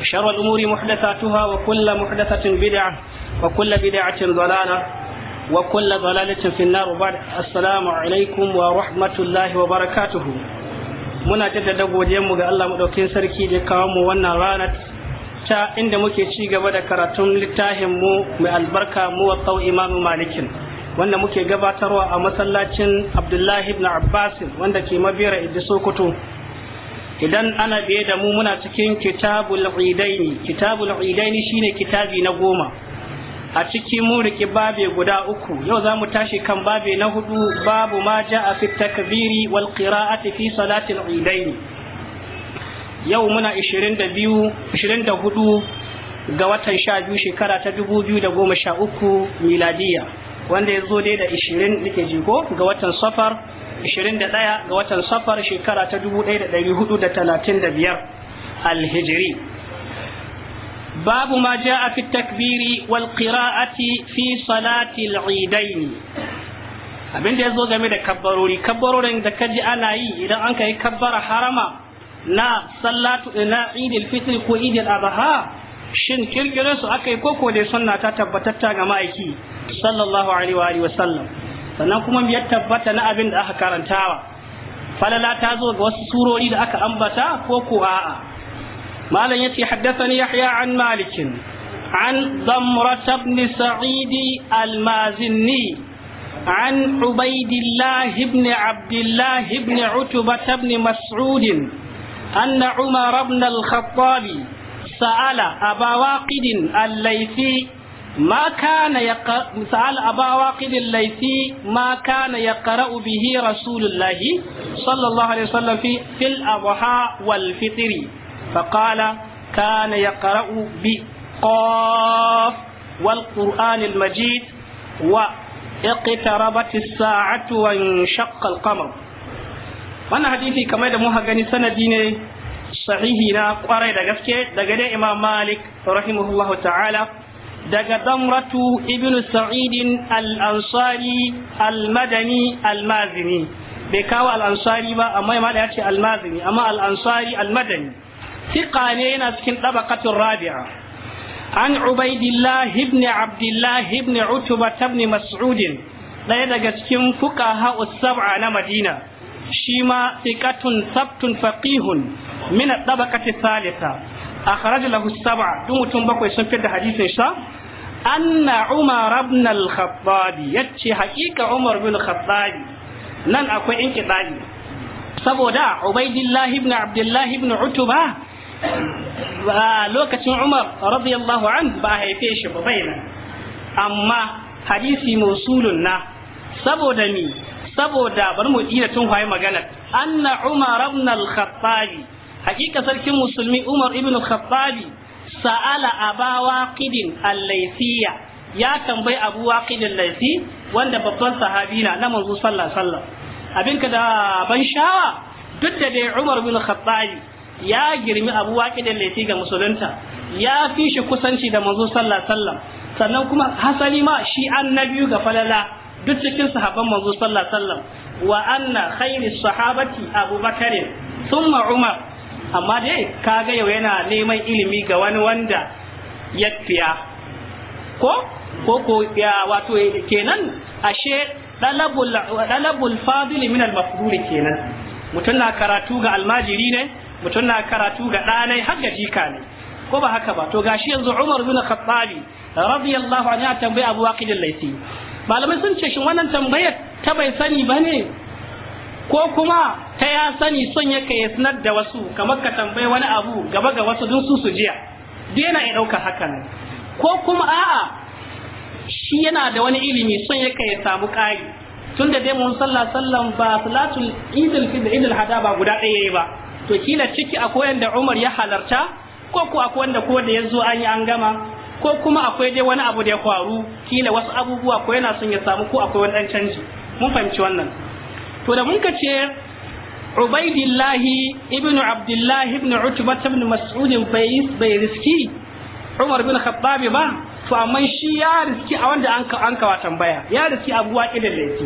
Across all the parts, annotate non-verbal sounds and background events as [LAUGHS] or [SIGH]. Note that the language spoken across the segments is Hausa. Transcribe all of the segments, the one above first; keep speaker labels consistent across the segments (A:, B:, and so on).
A: وشر الأمور محدثاتها وكل محدثة بدعة وكل wa ضلالة وكل ضلالة في النار وبعد السلام عليكم ورحمة الله وبركاته muna jaddada mu ga Allah madaukakin sarki da kawo mu wannan ranar ta inda muke ci gaba da karatun littafin mu mai albarka mu wa tsau imamu malikin wanda muke gabatarwa a masallacin abdullahi ibn abbas wanda ke mabera idi sokoto idan ana biye da mu muna cikin kitabul idaini kitabul idaini shine kitabi na goma a cikin mu rike babe guda uku yau za mu tashi kan babe na hudu babu ma a fi takbiri wal qira'ati fi salati al idaini yau muna 22 24 ga watan 12 shekara ta 2013 miladiya wanda ya zo dai da 20 nake jiko ga watan safar 21 ga watan safar shekara ta 1435 alhijiri babu ma jaa fi takbiri wal qira'ati fi salati al-eidain abin da yazo game da kabbarori kabbarorin da kaji ana yi idan an kai kabbara harama na sallatu na idil fitri ko idil adha shin kirkirin su akai koko dai sunna ta tabbatatta ga ma'aiki sallallahu alaihi wa sallam sannan kuma ya tabbata na abin da aka karantawa falala ta zo ga wasu surori da aka ambata ko ko a'a malam yace haddathani yahya an malik an zamrat ibn sa'id al-mazini عن عبيد الله بن عبد الله بن عتبة أن عمر بن الخطاب سأل أبا واقد الليثي ما كان يقرأ سأل أبا واقد الليثي ما كان يقرأ به رسول الله صلى الله عليه وسلم في في الأضحى والفطر فقال كان يقرأ بقاف والقرآن المجيد واقتربت الساعة وانشق القمر وانا حديثي كما يدمو هغاني سندين صحيحنا قرأ دغسكي دغدي إمام مالك رحمه الله تعالى daga damratu ibnu sa'idin al-ansari al-madani al-mazini bai kawo al-ansari ba amma ya da ya ce al-mazini amma al-ansari al-madani thiqa ne yana cikin dabaqatul rabi'a an ubaidillah ibn abdullah ibn utba ibn mas'ud daya daga cikin fuqaha us-sab'a na madina shi ma thiqatun sabtun faqihun min ad-dabaqati thalitha akhraj lahu sab'a duk mutum bakwai sun fitar da hadisin sa anna umar ibn al-khattab yace haƙiƙa umar ibn nan akwai inqidai saboda ubaidillah ibn abdullah ibn utuba lokacin umar radiyallahu an ba haife shi ba bayyana amma hadisi mausulun na saboda mi saboda bari mu iya tun magana anna umar ibn hakika sarkin musulmi Umar ibn Khattabi sa'ala Aba Waqidin ya tambayi Abu Waqid wanda babban sahabi na na manzo sallallahu abin ka da ban shawa duk da dai Umar ibn Khattabi ya girmi Abu Waqid ga musulunta ya fi shi kusanci da manzo sallallahu sannan kuma hasali ma shi annabiyu ga falala duk cikin sahabban manzo sallallahu alaihi wasallam wa anna sahabati Abu Bakar thumma Umar amma dai kaga yau yana neman ilimi ga wani wanda ya fiya ko ko ko ya wato kenan ashe dalabul dalabul fadil min al mafdul kenan mutun na karatu ga almajiri ne mutun na karatu ga ɗanai har ga jika ne ko ba haka ba to gashi yanzu Umar bin Khattabi radiyallahu anhu ya tambayi Abu Waqid al-Laythi malamai sun ce shin wannan tambayar ta bai sani bane ko kuma ta ya sani son yake ya sanar da wasu kamar ka tambayi wani abu gaba ga wasu don su su jiya duk yana ya ɗauka hakan ko kuma a'a shi yana da wani ilimi son yake ya samu ƙari tun da dai mun sallah sallan ba salatul idil fitr idil hada ba guda ɗaya ba to kila ciki akwai wanda Umar ya halarta ko ko akwai wanda ko da ya zo an yi an gama ko kuma akwai dai wani abu da ya faru kila wasu abubuwa ko yana son ya samu ko akwai wani dan canji mun fahimci wannan to da mun kace ubaidillahi ibnu abdullahi ibnu utba ibn mas'ud bai riski umar bin khattab ba to amma shi ya riski a wanda an an kawa tambaya ya riski abuwa kidan laifi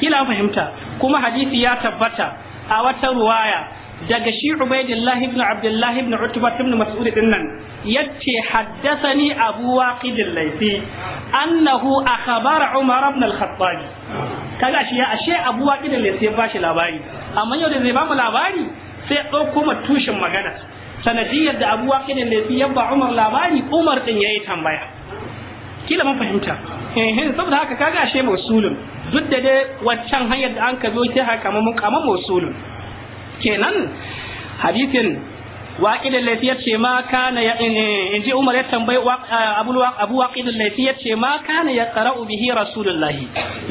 A: kila fahimta kuma hadisi ya tabbata a wata ruwaya daga shi Ubaidillah ibn Abdullah ibn Utbah ibn Mas'ud din nan yace haddathani Abu Waqid al-Laythi annahu akhbara Umar ibn al-Khattab kaga shi ya ashe Abu Waqid al-Laythi ya bashi labari amma yau da zai ba mu labari sai dauko kuma tushen magana sanadiyar da Abu Waqid al-Laythi ya ba Umar labari Umar din yayi tambaya kila mun fahimta eh saboda haka kaga ashe mausulun duk da dai waccan hanyar da an ka zo ta haka mun kama mausulun kenan hadisin waqid al yace ma kana ya eh, eh, in umar ya tambayi abu abu waqid al-laythi yace ma kana ya qara'u bihi rasulullah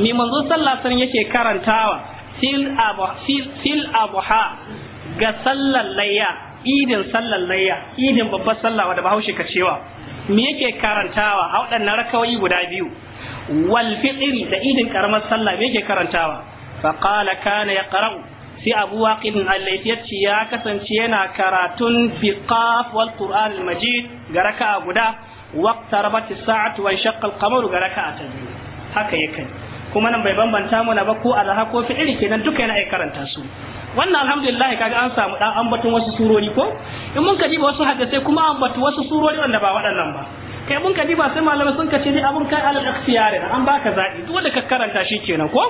A: ni manzo sallallahu alaihi yake karantawa fil abu fil abuha ga sallar idin sallar layya idin babbar sallah wanda bahaushe ka cewa me yake karantawa a waɗannan rakawoyi guda biyu wal fitri da idin karamar sallah me yake karantawa fa qala kana yaqra'u sai abu waqidin al-laythiyati ya kasance yana karatun biqaf wal qur'an al-majid ga raka'a guda waqtarabat as-sa'atu wa shaqqa al-qamaru ga raka'a ta biyu haka yake kuma nan bai bambanta muna ba ko alha ko fi'il kenan duka yana ai karanta su wannan alhamdulillah kaga an samu dan ambaton wasu surori ko in mun kaji wasu hadisai kuma ambatu wasu surori wanda ba waɗannan ba kai mun kaji ba sai malamai sun kace ni abun kai alal ikhtiyari an baka zaɓi duk wanda ka karanta shi kenan ko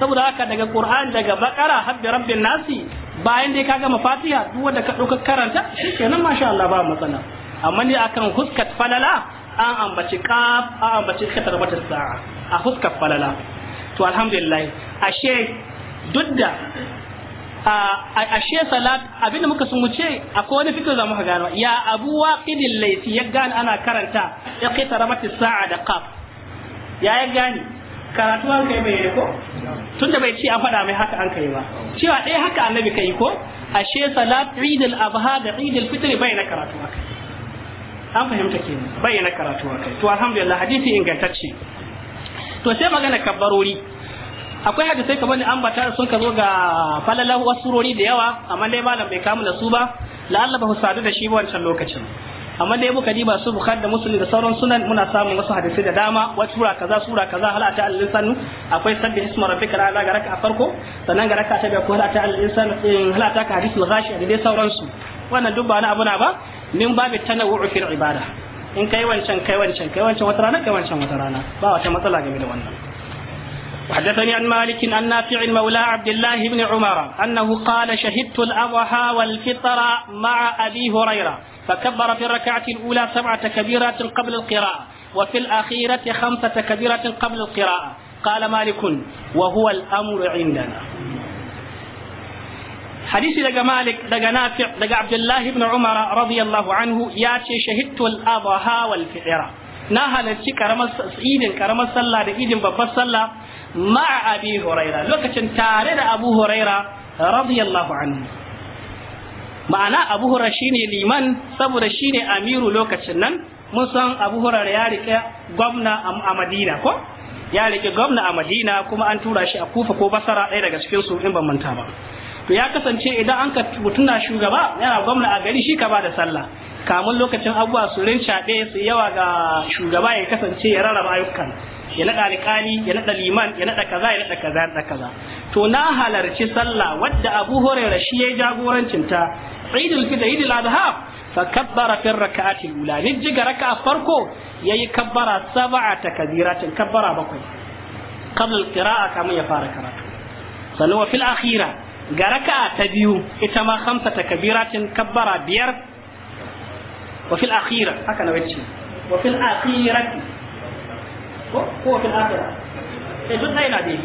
A: saboda haka daga qur'an daga bakara har da rabbin nasi bayan da ka gama fatiha duk wanda ka dauka karanta shikenan masha Allah ba matsala amma ne akan huskat falala an ambaci kaf an ambaci katarbatar sa'a a huskat falala to alhamdulillah ashe duk da ashe salat da muka sun wuce akwai wani fikir za mu gano ya abu waqidil laysi ya gane ana karanta ya qitarabatis sa'a da qaf ya ya gane karatu an kai bai ko tunda bai ci an faɗa mai haka an kai ba cewa ɗaya haka annabi kai ko ashe salat al adha da al fitr bai na karatu haka an fahimta ke bai na karatu haka to alhamdulillah hadisi ingantacce to sai magana kabbarori akwai hadisai kamar da ambata sun ka zo ga falalahu wasurori da yawa amma dai malam bai kamu da su ba la'alla ba sadu da shi wancan lokacin amma dai muka diba su bukhari da muslim da sauran sunan muna samun wasu hadisi da dama wata sura kaza sura kaza halata al-insan akwai sabbi isma rabbika ala ga raka farko sannan ga raka ta biyu ko halata al-insan in eh, halata ka hadisi ghashi da dai sauran su wannan duk ba na abuna ba min babu tanawwu fil ibada in kai wancan kai wancan kai wancan wata rana kai wancan wata rana ba wata matsala game da wannan وحدثني عن مالك عن نافع مولى عبد الله بن عمر أنه قال شهدت الأضحى والفطر مع أبي هريرة فكبر في الركعة الأولى سبعة كبيرات قبل القراءة وفي الأخيرة خمسة كبيرات قبل القراءة قال مالك وهو الأمر عندنا حديث لقى مالك لقى نافع لقى عبد الله بن عمر رضي الله عنه ياتي شهدت الأضحى والفعرة na halarci karamar idin karamar صلى da صلى مع أبي هريرة abi تارد أبو هريرة رضي الله عنه ma'ana abu hura shi ne liman saboda shi ne amiru lokacin nan mun san abu hura ya rike gwamna a madina ko ya rike gwamna a madina kuma an tura shi a kufa ko basara ɗaya daga cikin su in ban manta ba to ya kasance idan an ka tuna shugaba yana gwamna a gari shi ka ba da sallah kamun lokacin abubuwa su rinca ɗaya su yawa ga shugaba ya kasance ya rarraba ayyukan ya naɗa alƙali ya naɗa liman ya naɗa kaza ya naɗa kaza ya naɗa kaza to na halarci sallah wadda abu hurairah shi ya jagorancin ta عيد الفطر عيد الاضحى فكبر في الركعات الاولى نجي ركعه فرقو يي كبر سبعه تكبيرات كبر بكوي قبل القراءه كما يفار قراءه سنو في الاخيره غركا تبيو اتما خمسه تكبيرات كبر بير وفي الاخيره هكا نوتشي وفي الاخيره هو في الاخره اي جزء اين ادي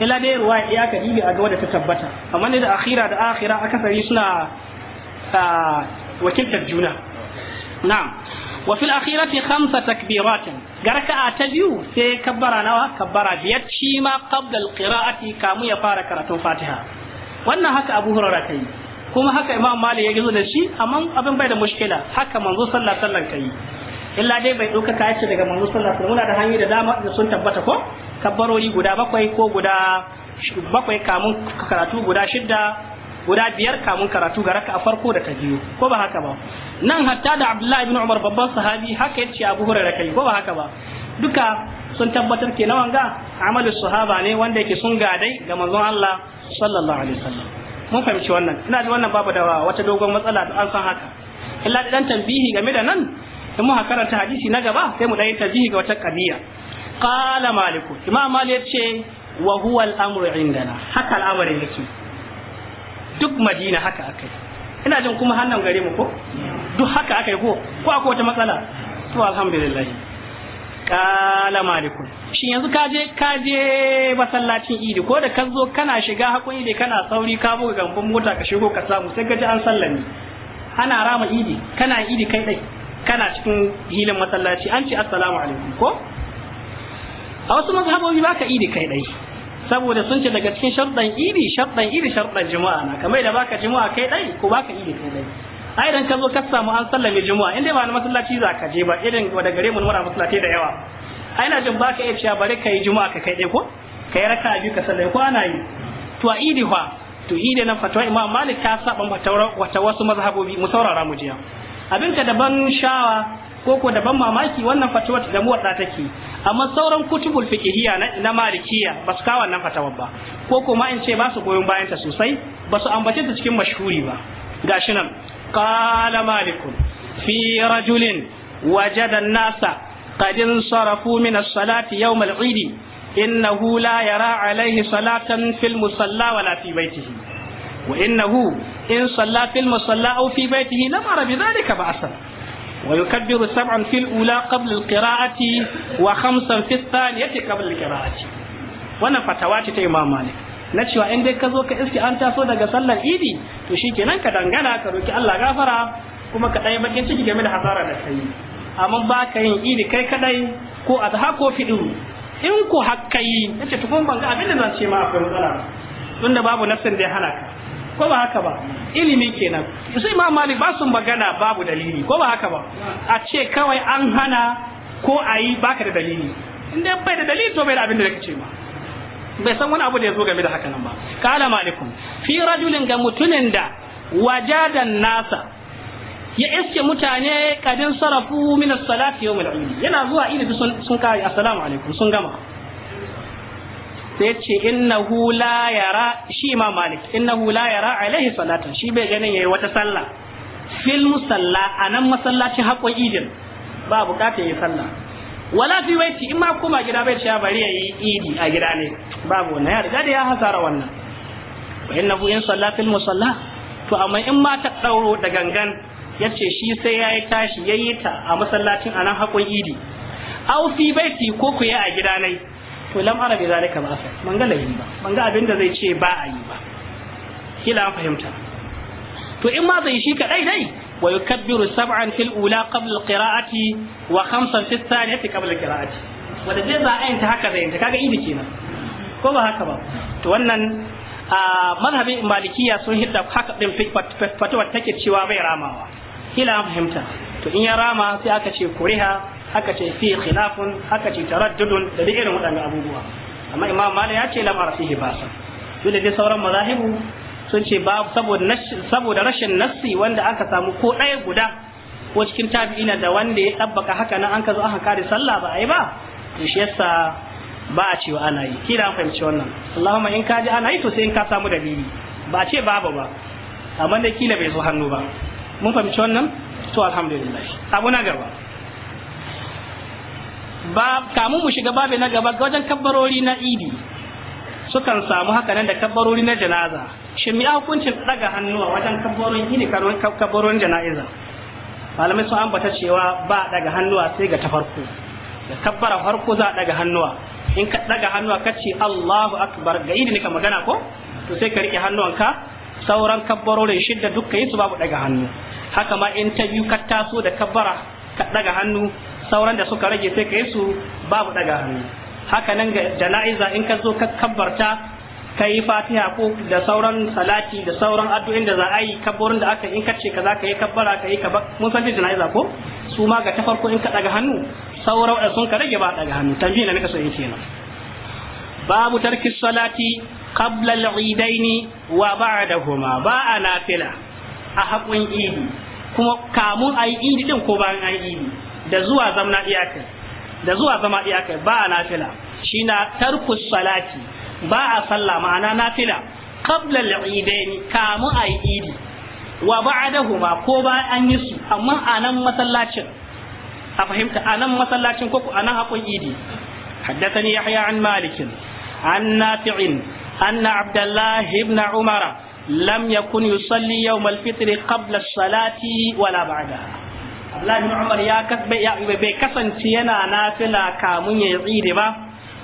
A: الى دير واي اياك دي اجوده تتبتا اما ان الاخيره ده اخره اكثر يسنا wakiltar juna na'am wa fil akhirati khamsa takbiratin garka'a ta biyu sai kabbara nawa kabbara biyar shi ma qabla al qira'ati kamu ya fara karatun fatiha wannan haka abu hurara yi kuma haka imam malik ya gizo da shi amma abin bai da mushkila haka manzo sallar sallar ka yi. illa dai bai ɗauka ka daga manzo sallar alaihi muna da hanyoyi da dama sun tabbata ko guda bakwai ko guda bakwai kamun karatu guda shidda guda biyar kamun karatu ga raka a farko da ta biyu ko ba haka ba nan hatta da abdullahi bin umar babban sahabi haka yace abu hurairah kai ko ba haka ba duka sun tabbatar ke nawan ga amalu sahaba ne wanda yake sun gadai ga manzon Allah sallallahu alaihi wasallam mun fahimci wannan ina ji wannan babu da wata dogon matsala da an san haka illa da dan tambihi game da nan in muka karanta hadisi na gaba sai mu dan yi ga wata qadiya qala maliku imam malik ce wa huwa al-amru indana haka al-amru yake duk madina haka akai ina jin kuma hannun gare mu ko duk haka akai ko ko akwai wata matsala to alhamdulillah kala maliku shin yanzu kaje kaje masallacin idi ko da ka zo kana shiga hakuri idi kana sauri ka buga gamban mota ka shigo ka samu sai ka ji an sallami ana rama idi kana idi kai dai kana cikin hilin masallaci an ce assalamu alaikum ko a wasu mazhabobi baka idi kai dai saboda sun ce daga cikin sharɗan iri sharɗan iri sharɗan juma'a na kamar da baka juma'a kai dai ko baka iri kai dai ai idan ka zo ka samu an sallame juma'a inda ba na masallaci za ka je ba irin da gare mu muna masallaci da yawa ai na jin baka iya bari kai juma'a ka kai dai ko kai raka biyu ka sallame ko ana yi to a idi fa to iri na fatwa imam malik ta saba wata wasu mazhabobi mu saurara mu jiya abinka daban shawa ko da ban mamaki wannan fatawa da mu wada take amma sauran kutubul fiqhiyya na, malikiya malikiyya ba su kawo wannan fatawa ba ko kuma in ce ba su goyon bayan sosai ba su ambace ta cikin mashuri ba gashi nan qala Fira julin! rajulin da nasa Kadin sarafu min as-salati yawm al-eid innahu la yara alayhi salatan fil musalla wala fi baytihi wa innahu in salla fil musalla aw fi baytihi lam ara bi dhalika ba'asan kabiru ويكبر سبعا في الأولى قبل القراءة وخمسا في الثانية قبل القراءة wannan fatawa ce ta Imam Malik na cewa in dai ka zo ka iske an taso daga sallar Idi to shi shikenan ka dangana ka roki Allah gafara kuma ka dai bakin ciki game da hasara da kai amma baka yin Idi kai kaɗai, ko azha ko fidu in ko hakkai yace to ban ga abin zan ce ma akwai matsala tunda babu nassin da ya hana ka ko ba haka ba ilimi kenan sai imam malik ba su magana babu dalili ko ba haka ba a ce kawai an hana ko ayi baka da dalili in dai bai da dalili to bai da abin da kake ce ma bai san wani abu da ya zo game da haka nan ba kala malikum fi rajulin ga mutumin da wajadan nasa ya iske mutane kadin sarafu min as-salati yawm al-eid yana zuwa ilimi sun kai assalamu alaikum sun gama sai ce innahu hula yara shi ma malik innahu hula yara alaihi salatan shi bai ganin yayi wata sallah fil musalla anan masallacin haƙo idin ba bukata yayi sallah wala fi waiti in ma kuma gida bai cewa bari yayi idi a gida ne babu wannan ya riga da ya hasara wannan wa innahu in salla fil musalla to amma in ma ta dauro da gangan yace shi sai yayi tashi yayi ta a masallacin anan haƙo idi au fi baiti ko ku yi a gida ne to lam ara bi zalika ba asai man ga layin ba man ga abin da zai ce ba a yi ba kila an fahimta to in ma zai shi kadai dai wa yukabbiru sab'an fil ula qabla al-qira'ati wa khamsan fi thaniyati qabla al-qira'ati wanda zai za a ta haka zai ta kaga idi kenan ko ba haka ba to wannan a mazhabin malikiya sun hidda haka din fatuwar take cewa bai ramawa kila an fahimta to in ya rama sai aka ce kuriha haka ce fi khilafun haka ce taraddudun da duk irin waɗannan abubuwa amma imam malik ya ce lam fihi basa dole dai sauran mazahibu sun ce ba saboda saboda rashin nassi wanda aka samu ko ɗaya guda ko cikin tabi'ina da wanda ya tabbaka haka nan an ka zo aka kare sallah ba a yi ba to shi yasa ba a cewa ana yi kila an fahimci wannan Allahumma in ka ji ana yi to sai in ka samu dalili ba ce babu ba amma dai kila bai zo hannu ba mun fahimci wannan to alhamdulillah abu na gaba ba kamun mu shiga babi na gaba wajen kabbarori na idi sukan samu haka nan da kabbarori na janaza shin mi hukuncin daga hannuwa wajen kabbarori idi kabbarorin jana'iza malamai sun ambata cewa ba daga hannuwa sai ga ta farko da kabbara farko za daga hannuwa in ka daga hannuwa ka Allahu akbar ga idi ne ka magana ko to sai ka rike hannuwanka sauran kabbarorin shidda duk su babu daga hannu haka ma in ta biyu ka taso da kabbara ka daga hannu sauran da suka rage sai ka yi su babu daga hannu haka nan ga jana'iza in ka zo ka kabbarta ka yi fatiha ko da sauran salati da sauran addu'in da za a yi kabbarin da aka in ka ce za ka yi kabbara ka yi kabbar mun san jana'iza ko su ma ga ta farko in ka daga hannu sauran da sun ka rage ba daga hannu tambayi na nika so in kenan babu tarki salati qabla al-eidaini wa ba'dahuma ba a fila a haƙun idi kuma kamun a yi idi din ko bayan an idi da zuwa zama iyakai ba a nafila shi na tarkus salati ba a sallah ma'ana nafila qabla al-eidain kamu ay idi wa ba'dahuma ko ba an yi su amma anan masallacin a fahimta anan masallacin ko anan hakun idi haddathani yahya an malikin. an nafi' anna abdullah ibn umara lam yakun yusalli yawm al-fitr qabla salati wala ba'daha Abdullahi bin Umar ya bai kasance yana nafila kamun ya tsiri ba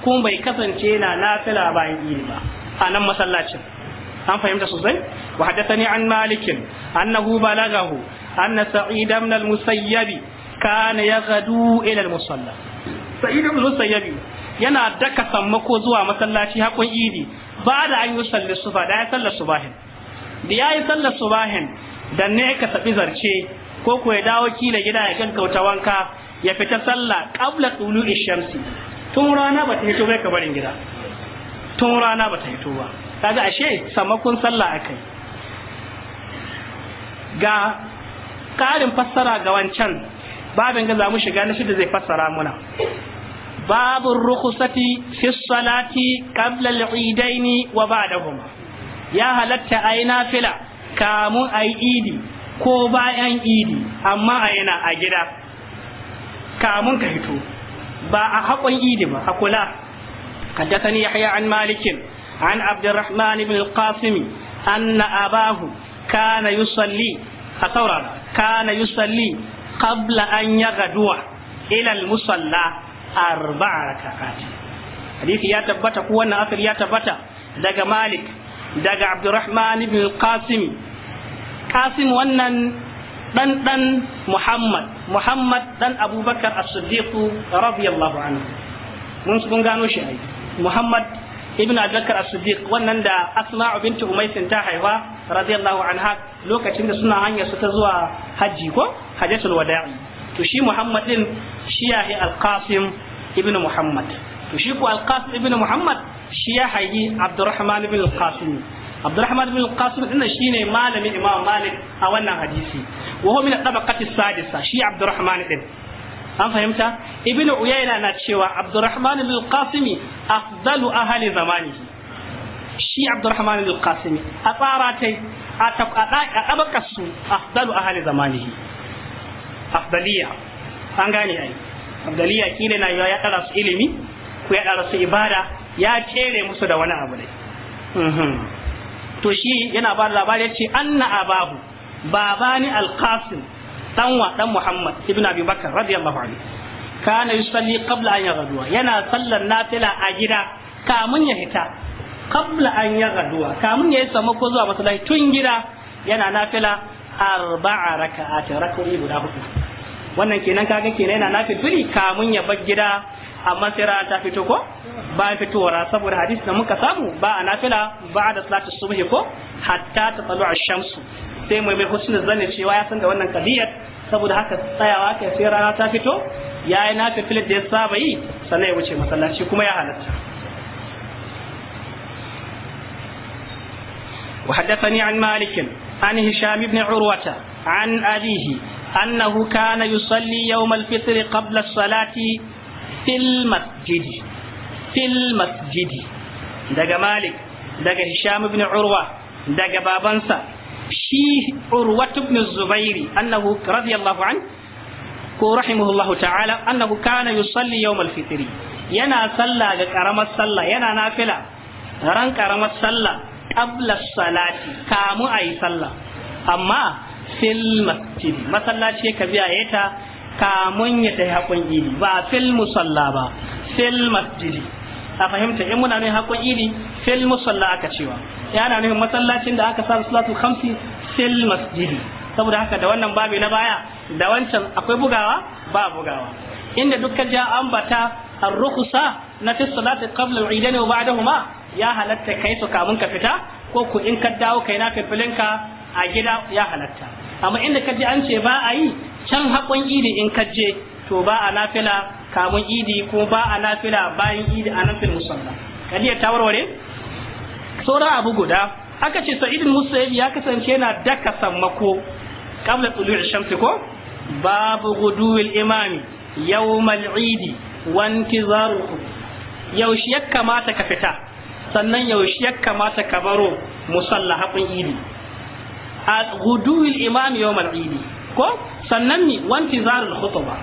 A: kuma bai kasance yana nafila bayan tsire ba a nan masallacin an fahimta sosai wa haddathani an malikin annahu balagahu anna sa'id ibn al-musayyib kana yaghdu ila al-musalla sa'id ibn al-musayyib yana daka sammako zuwa masallaci hakun idi ba da an yi sallar sufa da ya sallar subahin da ya yi sallar subahin da ne ka tafi zarce ko ku ya dawo kila gida ya kankauta wanka ya fita sallah qabla tulu shamsi tun rana ba ta hito bai kabarin gida tun rana ba ta hito ba kaga ashe samakon sallah akai ga karin fassara ga wancan babin ga za mu shiga na shida zai fassara muna babu rukhsati fi salati qabla al-idaini wa ba'dahuma ya halatta ayi nafila kamun ayi idi ko bayan idi amma a yana a gida kamun ka hito ba a hakon idi ba a kula kada ka ni yahya an malikin an abdurrahman ibn alqasim anna abahu kana yusalli a sauran kana yusalli qabla an yagadwa ila almusalla arba'a rak'ati hadisi ya tabbata ko wannan ya tabbata daga malik daga abdurrahman ibn alqasim kasim wannan dan dan muhammad muhammad dan abubakar as-siddiq radiyallahu anhu mun kun gano shi ai muhammad ibn abubakar as-siddiq wannan da asma'u bintu umays ta haifa radiyallahu anha lokacin da suna hanyar su ta zuwa haji ko hajjatul wada'i to shi muhammad din shi yahi al-qasim ibn muhammad to shi ko al-qasim ibn muhammad shi ya hayi abdurrahman ibn al-qasim Abdulrahman bin Qasim din shine malami Imam Malik a wannan hadisi wa huwa min tabaqati sadisa shi abdulrahman din an fahimta Ibn Uyayna na cewa abdulrahman bin Qasim afdalu ahli zamanihi shi abdulrahman bin Qasim a tsaratai tsara tai a tabaqar su afdalu ahli zamanihi afdaliya an gane ai afdaliya kila na ya dara su ilimi ko ya dara su ibada ya kere musu da wani abu ne to shi yana ba da labari ce anna abahu babani alqasim dan wa dan muhammad ibn abi bakar radiyallahu anhu kana yusalli qabla an yaghduwa yana sallar nafila a gida kamun ya hita qabla an yaghduwa kamun ya yi samako zuwa masallaci tun gida yana nafila arba'a raka'at rak'o'i guda hudu wannan kenan kaga kenan yana nafil kamun ya bar gida amma sai rana ta fito ko bayan fitowar saboda hadisi da muka samu ba a nafila ba da salatu subhi ko hatta ta tsalu shamsu sai mai mai husnul zanni cewa ya san da wannan kadiyar saboda haka tsayawa kai sai rana ta fito yayi nafilar da ya saba yi sannan ya wuce masallaci kuma ya halatta وحدثني عن مالك عن هشام بن عروة عن أبيه أنه كان يصلي يوم الفطر قبل الصلاة filmasjidi masjidi fil masjidi daga malik daga hisham ibn urwa daga babansa shi urwat ibn zubairi annahu radiyallahu an ko rahimahullahu ta'ala annahu kana yusalli yawm al-fitri yana salla ga karamar salla yana nafila ran karamar salla qabla salati kamu ayi salla amma fil masjid masallaci ka biya yata kamun ya tafi haƙon idi ba fil musalla ba fil masjidi a fahimta in muna nuna haƙon idi fil musalla aka cewa Ya na nuna masallacin da aka samu salatu khamsi fil masjidi saboda haka da wannan babi na baya da wancan akwai bugawa ba bugawa inda dukkan ja ambata ar-rukhsa na fi salati qabla al-idain wa ba'dahuma ya halatta kai su kamun ka fita ko ku in ka dawo kai na fifilinka a gida ya halatta amma inda ka ji an ce ba a yi can haƙon idi in ka je to ba a nafila kamun idi ko ba a nafila bayan idi a nafil musalla kadiyar ta warware sora abu guda aka ce sa'idin Musa ya kasance yana daka sammako qabla tulu'i shamsi ko babu guduwil imami yawmal idi wa intizaru yaushe ya kamata ka fita sannan yaushe ya kamata ka baro musalla haƙon idi a guduwil imami yawmal idi ko sannan mi wanti zarul khutba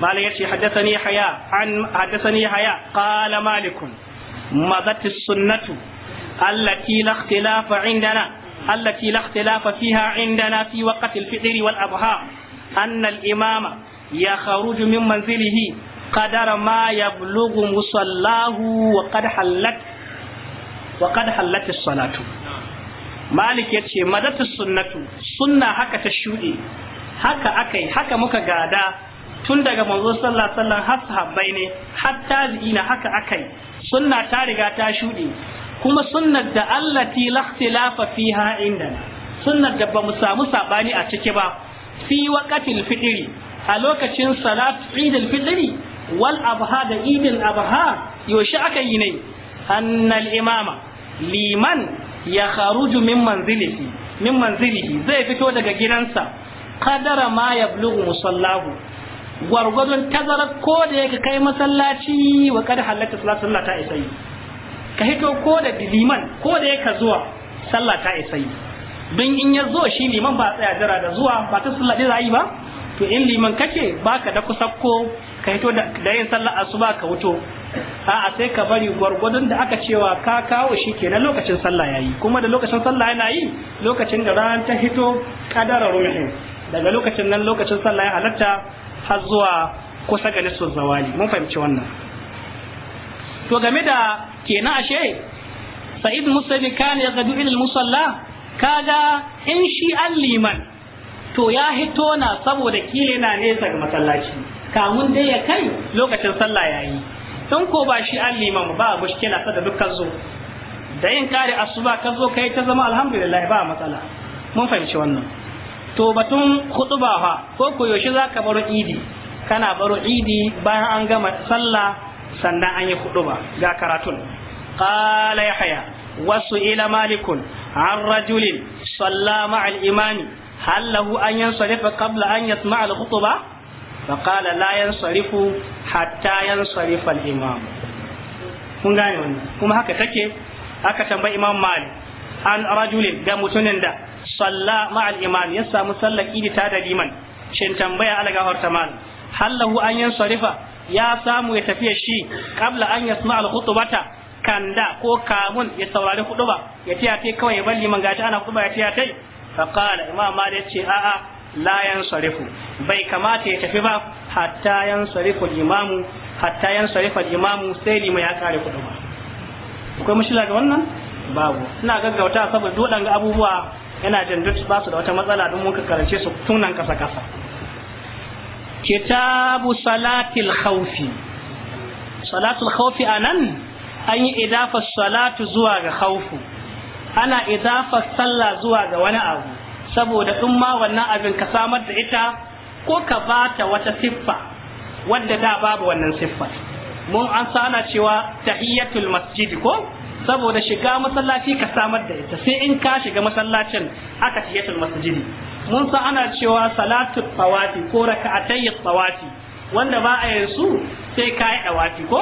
A: malik yace haddathani haya an haddathani haya qala malikun madat sunnatu allati la ikhtilafa indana allati la ikhtilafa fiha indana fi waqti al-fitr wal adha anna al-imama yakhruju min manzilihi qadara ma yablughu musallahu wa qad halat wa qad halat as-salatu malik yace madatu sunnatu sunna haka ta shuɗe haka akai haka muka gada tun daga manzo sallallahu alaihi wasallam har sahabbai ne har tabi'ina haka akai sunna ta riga ta shuɗe kuma sunnar da allati la ikhtilafa fiha inda sunnar da ba mu samu sabani a cike ba fi waqatil fitri a lokacin salat idil fitri wal abha da idil abha yaushe aka yi ne annal imama liman ya kharuju min manzilihi min manzilihi zai fito daga gidansa kadara ma ya bulugu musallahu gwargwadon tazarar ko da yake kai masallaci wa kada halatta sallah ta isa yi ka hito ko da liman ko da yake zuwa sallah ta isa yi don in ya zo shi liman ba tsaya jira da zuwa ba ta sallah za yi ba to in liman kake baka da ko ka hito da yin sallah asuba ka wuto a'a sai ka bari gwargwadon da aka cewa ka kawo shi kenan lokacin sallah ya yi. kuma da lokacin sallah yana yi lokacin da ran ta hito kadara ruhin daga lokacin nan lokacin sallah ya halatta har zuwa kusa ga nisfin zawali mun fahimci wannan to game da kenan ashe sa'id musaimi kan ya gadu ilal musalla kaga in shi an liman to ya hito na saboda kila yana nesa ga masallaci kamun dai ya kai lokacin sallah yayi tun ko ba shi an liman ba mushkila ta da dukkan zo da yin kare asuba ka zo kai ta zama alhamdulillah ba matsala mun fahimci wannan to batun khutba fa ko ko yaushe zaka baro idi kana baro idi bayan an gama sallah sannan an yi khutba ga karatun qala yahya wasu ila malikun an rajulin salla ma'al imami hal lahu an yansarifa qabla an yasma'a al-khutbah فقال لا ينصرف حتى ينصرف الإمام kun gane wannan kuma haka take aka tambayi imam malik an rajulin ga mutumin da salla ma'al imam ya samu sallar idi ta da liman shin tambaya alaga horta mal hallahu an yan sarifa ya samu ya tafiya shi kabla an yasma al khutbata kanda ko kamun ya saurari khutba ya tiya kai kawai ya balli liman gashi ana khutba ya tiya kai fa qala imam malik ce a'a la yansarifu bai kamata ya tafi ba hatta yansarifu imamu hatta al imamu sai lima ya kare kudu ba akwai mushila ga wannan babu ina gaggauta saboda dodan ga abubuwa yana jandut ba su da wata matsala don mun karance su tunan kasa kasa kitabu salatil khawfi salatul khawfi anan an yi idafa salatu zuwa ga khawfu ana idafa sallah zuwa ga wani abu saboda in ma wannan abin ka samar da ita ko ka bata wata siffa wanda da babu wannan siffa, mun an sa cewa tahiyatul masjid ko saboda shiga masallaci ka samar da ita sai in ka shiga masallacin aka tahiyatul masjid mun sa ana cewa salatu tawafi ko raka'atay tawafi wanda ba a yansu sai ka yi ko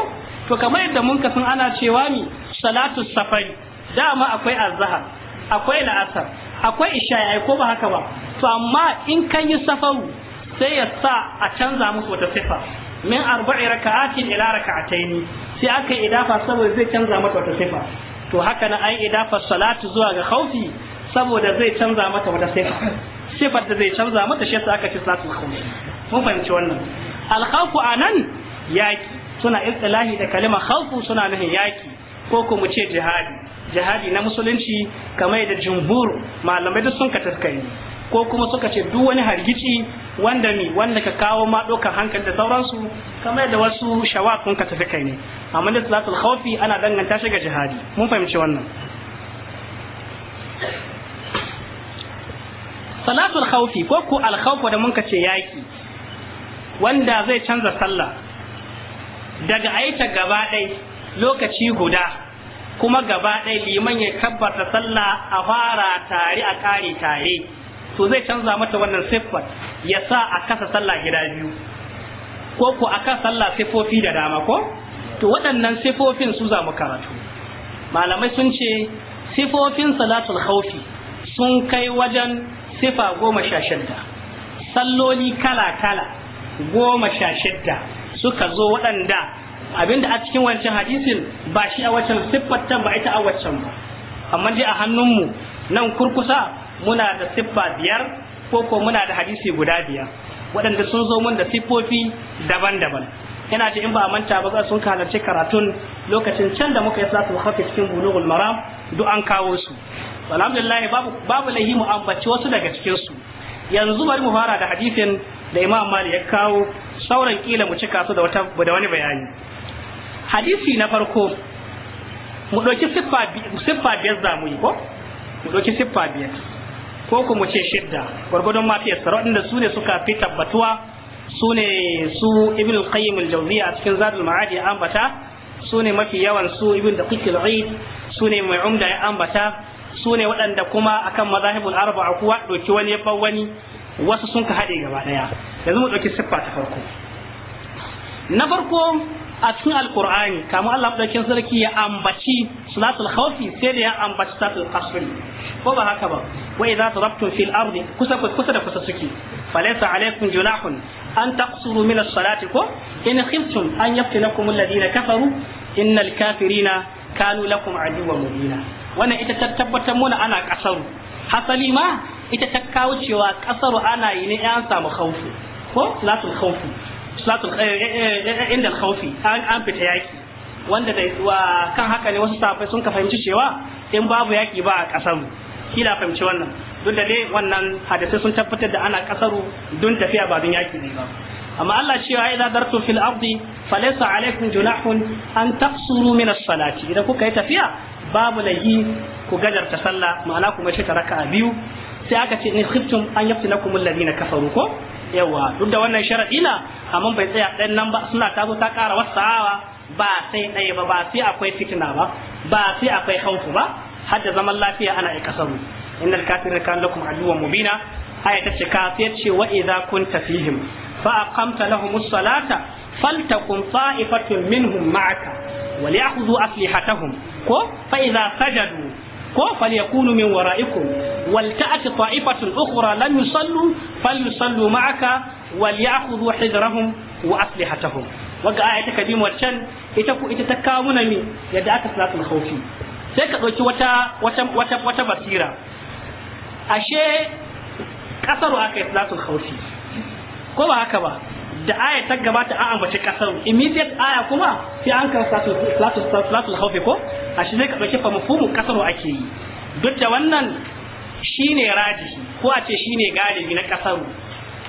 A: to kamar yadda mun kasan ana cewa mi salatu safari dama akwai azhar akwai la'asar akwai isha'i ko ba haka ba to amma in kan yi safaru sai ya sa a canza musu wata sifa min arba'i raka'atin ila raka'ataini sai aka yi idafa saboda zai canza mata wata sifa to haka na ai idafa salatu zuwa ga khawfi saboda zai canza mata wata sifa sifar da zai canza mata shi yasa aka ce salatu khawfi mun fahimci wannan khawfu anan yaki suna istilahi da kalimar khawfu suna nufin yaki ko kuma ce jihadi jihadi na musulunci kamar da jumhur malamai duk sun ka taskari ko kuma suka ce duk wani hargici wanda mi wanda ka kawo ma hankali da sauransu kamar da wasu shawakun ka tafi kai ne amma da salatul khawfi ana danganta shi ga jihadi mun fahimci wannan salatul khawfi ko ku al khawfu da mun ka ce yaki wanda zai canza sallah daga aita gaba ɗaya lokaci guda kuma gaba ɗaya liman ya tabbata sallah a fara tare a ƙare tare to zai canza mata wannan siffar ya sa a kasa sallah gida biyu ko ko a kasa sallah siffofi da dama ko to waɗannan siffofin su za mu karatu malamai sun ce siffofin salatul khawfi sun kai wajen sifa goma sha shidda salloli kala kala goma sha shidda suka zo waɗanda abinda a cikin wancan hadisin ba shi a wancan siffatan ba ita a wancan ba amma dai a hannunmu nan kurkusa muna da siffa biyar ko ko muna da hadisi guda biyar waɗanda sun zo mun da siffofi daban-daban Yana ji in ba a manta ba sun halarci karatun lokacin can da muka yi sa su hafi cikin bulughul maram duk an kawo su alhamdulillah babu babu lahi mu ambaci wasu daga cikin su yanzu bari mu fara da hadisin da imam mali ya kawo sauran kila mu cika su da wani bayani hadisi na farko mu ɗauki siffa biyar za mu yi ko mu ɗauki siffa biyar ko kuma mu ce shidda gwargwadon mafi yasara inda su ne suka fi tabbatuwa su ne su ibn qayyim al-jawziya a cikin zadul ma'adi ya ambata su ne mafi yawan su ibn daqiq al-aid su ne mai umda ya ambata su ne waɗanda kuma akan mazahibul arba'a kuwa ɗauki wani ya wani wasu sun ka
B: haɗe gaba ɗaya
A: yanzu mu ɗauki siffa ta farko na farko a cikin alkur'ani kamar Allah madaukin sarki ya ambaci salatul khawfi sai da ya ambaci salatul qasr ko ba haka ba wai idza tarabtum fil ardi kusa kusa da kusa suke falaysa alaykum junahun an taqsuru min as-salati ko in khiftum an yaftinakum alladhina kafaru innal kafirina kanu lakum aduwwan mubina wannan ita ta tabbatar muna ana kasaru hasali ma ita ta kawo cewa kasaru ana yi ne an samu khawfi ko salatul khawfi salatul eh, eh, eh, inda khawfi an fita yaki wanda da kan haka ne wasu safai sun ka fahimci cewa in babu yaki ba a kasar kila fahimci wannan duk da dai wannan hadisai sun tabbatar da ana kasaru dun tafiya ba don yaki ne ba amma Allah cewa idza dartu fil ardi falaysa alaykum junahun an taqsuru min as-salati idan kuka yi tafiya babu lahi ku gajarta sallah ma'ana kuma shi taraka a biyu sai aka ce ni khiftum an yaftinakum alladhina kafaru ko yawa duk da wannan sharaɗi na amma bai tsaya ɗan nan ba suna ta zo ta ƙara wasawa ba sai ɗaya ba ba sai akwai fitina ba ba sai akwai haufu ba har da zaman lafiya ana aika samu innal kafirina kan lakum aduwwan mubina aya ta ce kafir ce wa idza kunta fihim fa aqamta lahumus salata faltakum ta'ifatun minhum ma'aka وليأخذوا أسلحتهم كو فإذا sajadu ko falyakunu min wara'ikum wal ta'ati ta'ifatun ukhra lam yusallu falyusallu ma'aka wal ya'khudhu hidrahum wa aslihatahum waga aya kadim waccan ita ku ita ta kawo muna yadda aka salatul khawfi sai ka dauki wata wata wata wata basira ashe kasaru aka salatul khawfi ko ba haka ba da aya ta gabata a ambaci kasar immediate aya kuma sai an kan salatul da khawfi ko a shi zai ka fa mafhumu kasar ake yi duk da wannan shine raji ko a ce shine galibi na kasar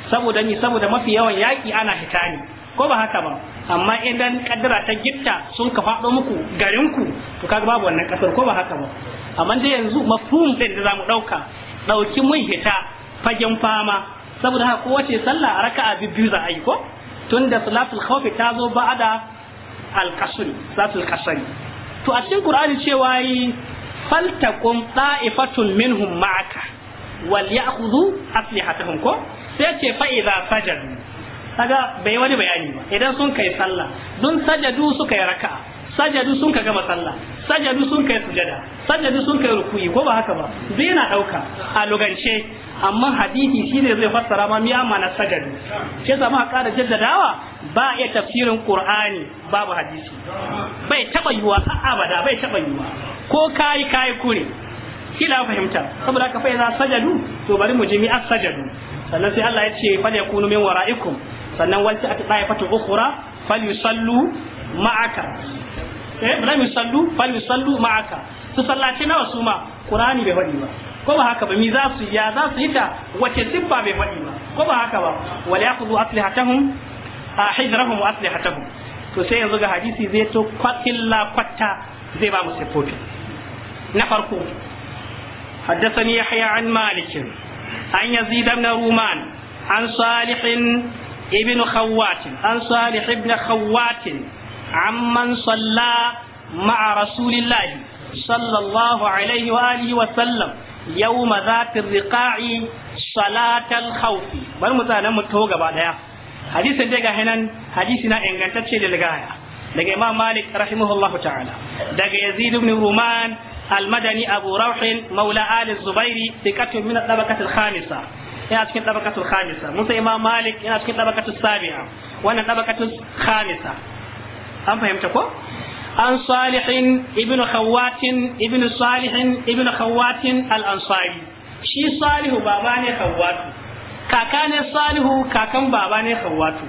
A: saboda ni saboda mafi yawan yaki ana ne ko ba haka ba amma idan kaddara ta gitta sun ka faɗo muku garinku to kaga babu wannan kasar ko ba haka ba amma dai yanzu mafhum din da zamu dauka dauki mun hita fagen fama saboda haka kowace sallah raka'a biyu za a yi ko tunda salatul khawfi ta zo ba da qasr salatul qasr to a cikin qur'ani cewa yi faltaqum da'ifatun minhum ma'aka wal ya'khudhu aslihatahum ko sai ce fa idza sajadu kaga bai wani bayani ba idan sun kai sallah dun sajadu suka yi raka'a sajadu sun ka gama sallah sajadu sun kai sujada sajadu sun kai rukuyi ko ba haka ba zai na dauka a lugance amma hadisi shine zai fassara ma miya mana sajadu shi zama kada jaddadawa ba iya tafsirin qur'ani babu hadisi bai taba yiwa abada bai taba yiwa ko kai kai kure kila fahimta saboda ka fa yana sajadu to bari mu ji mi as-sajadu sannan sai Allah ya ce fa kunu min wara'ikum sannan wal ta'ati ta'ifatu ukhra falyusallu ma'aka eh lam yusallu fal yusallu ma'aka su sallaci nawa su ma qur'ani bai faɗi ba ko ba haka ba mi za su ya za su yi ta wace siffa bai faɗi ba ko ba haka ba wal ya'khudhu aslihatahum aslihatahum to sai yanzu ga hadisi zai to kwatilla kwatta zai ba mu siffofi na farko حدثني يحيى عن مالك عن يزيد بن رومان عن صالح ابن خوات عن صالح ابن خوات amman salla ma'a rasulillahi sallallahu alaihi wa alihi wa sallam yawma zatir salatal khawfi bari mu tsana mu to gaba daya hadisin daga hanan hadisi na ingantacce da ligaya daga imam malik rahimahullah ta'ala daga yazid ibn ruman almadani madani abu rawh maula ali zubairi thiqatun min al cikin khamisa musa imam malik yana cikin tabaqatul sabi'a wannan tabaqatul khamisa an fahimta ko an salihin ibnu khawatin ibnu salihin ibnu khawatin al-ansari shi salihu baba ne khawatu kaka ne salihu kakan baba ne khawatu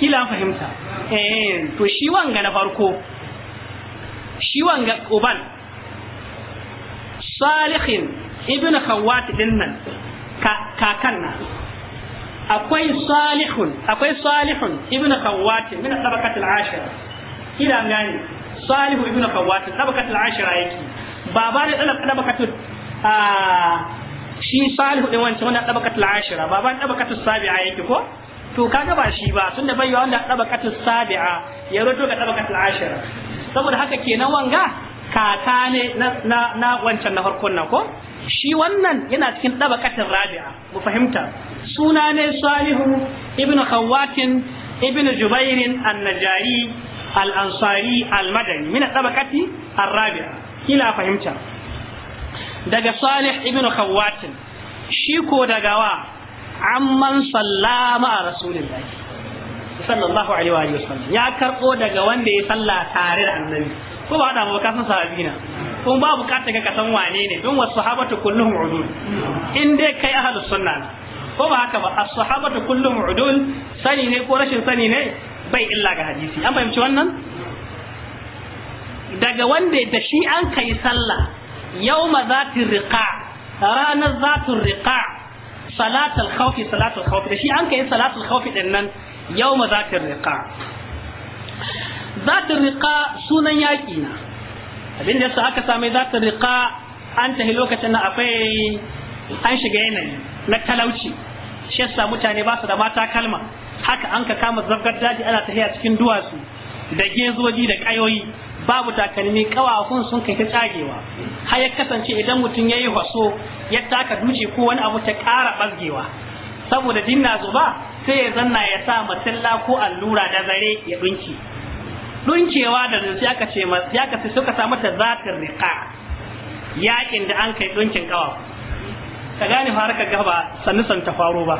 A: kila fahimta eh to shi wanga na farko shi wanga uban salihin ibnu khawat din nan kakan na akwai salihun akwai salihun ibnu khawat min tabaqatil ashira ina gane salihu ibnu kawwat tabakatul ashira yake baba ne dan tabakatul shi salihu din wancan wanda tabakatul ashira baba ne tabakatul sabi'a yake ko to kaga ba shi ba tunda bai wanda tabakatul sabi'a ya roto ga tabakatul ashira saboda haka kenan wanga kaka ne na na wancan na farkon nan ko shi wannan yana cikin tabakatul rabi'a mu fahimta suna ne salihu ibnu kawwatin ibnu jubairin an-najari al-ansari al-madani min tabaqati ar-rabi'a kila fahimta daga salih ibn khawwatin shi ko daga wa amman sallama a rasulullahi sallallahu alaihi wa sallam ya karbo daga wanda ya salla tare da annabi ko ba hada ba ka san sahabina kuma ba bukata ga kasan wane ne don wasu sahabatu kulluhum udul in dai kai ahlus sunna ko ba haka ba as-sahabatu kulluhum udul sani ne ko rashin sani ne bai illa ga hadisi an fahimci wannan daga wanda da shi an kai sallah yawma zatin riqa ranar zatin riqa salatul khawfi salatul khawfi da shi an kai salatul khawfi din nan yawma zatin riqa zatin riqa sunan yaki na abin da yasa aka same zatin riqa an tahi lokacin na akwai an shiga yanayi na talauci shi yasa mutane ba su da mata kalma haka an ka kama zafgar daji ana tafiya cikin duwatsu da gezoji da kayoyi babu takalmi kawafun sun kai ta tsagewa har ya kasance idan mutum ya yi waso ya taka duce ko wani abu ta ƙara bazgewa saboda dinna zuba sai ya zanna ya sa masalla ko allura da zare ya dunki dunkewa da zai aka ce ya ka suka samu ta zatin riƙa yakin da an kai dunkin kawafu ka gane har ka gaba sannu san ta faro ba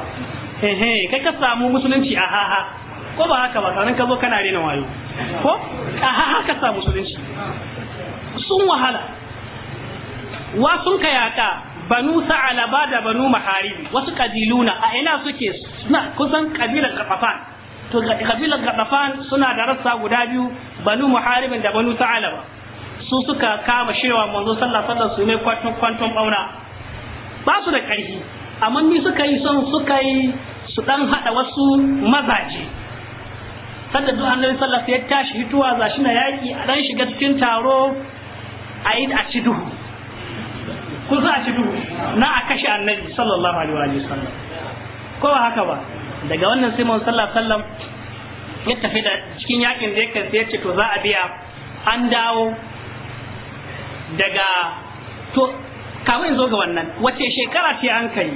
A: ehe kai ka samu musulunci a haha ko ba haka ba sanan ka zo kana rena wayo ko a haha ka samu musulunci sun wahala wa sun ka yaka banu sa'alaba da banu maharibi wasu kabiluna a ina suke suna kusan kabilar kafafan to kabilar kafafan suna da rassa guda biyu banu muharibin da banu sa'alaba su suka kama shirwa manzo sallallahu alaihi wasallam su ne kwanton kwanton bauna ba su da karfi amma ni suka yi son suka yi su dan hada wasu mazaje sadda duk annabi sallallahu alaihi wasallam ya tashi hituwa za shi na yaki a dan shiga cikin taro a yi a ci duhu ku za a ci duhu na a kashe annabi sallallahu alaihi wasallam ko ba haka ba daga wannan sai mun sallallahu alaihi wasallam ya tafi da cikin yakin da yake sai ya ce to za a biya an dawo daga to kawai zo ga wannan wace shekara ce an kai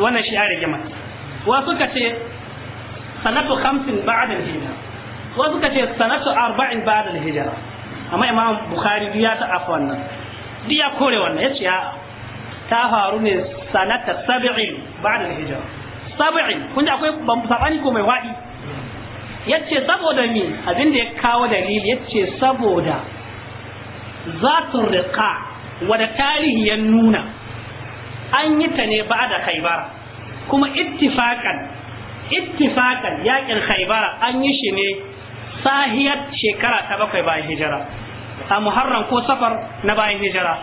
A: to wannan shi ya rage mata wa suka ce sanatu khamsin ba'da al-hijra wa suka ce sanatu arba'in ba'da al-hijra amma imam bukhari ya ta afa wannan duk ya kore wannan yace ya ta faru ne sanata sab'in ba'da al-hijra sab'in kun ji akwai ban sabani ko mai wadi yace saboda ni abinda ya kawo dalili yace saboda zatun riqa wanda tarihi ya nuna an yi ta ne ba da khaibar kuma ittifakan ittifakan yakin khaibar an yi shi ne sahiyar shekara ta bakwai bayan hijira a muharram ko safar na bayan hijira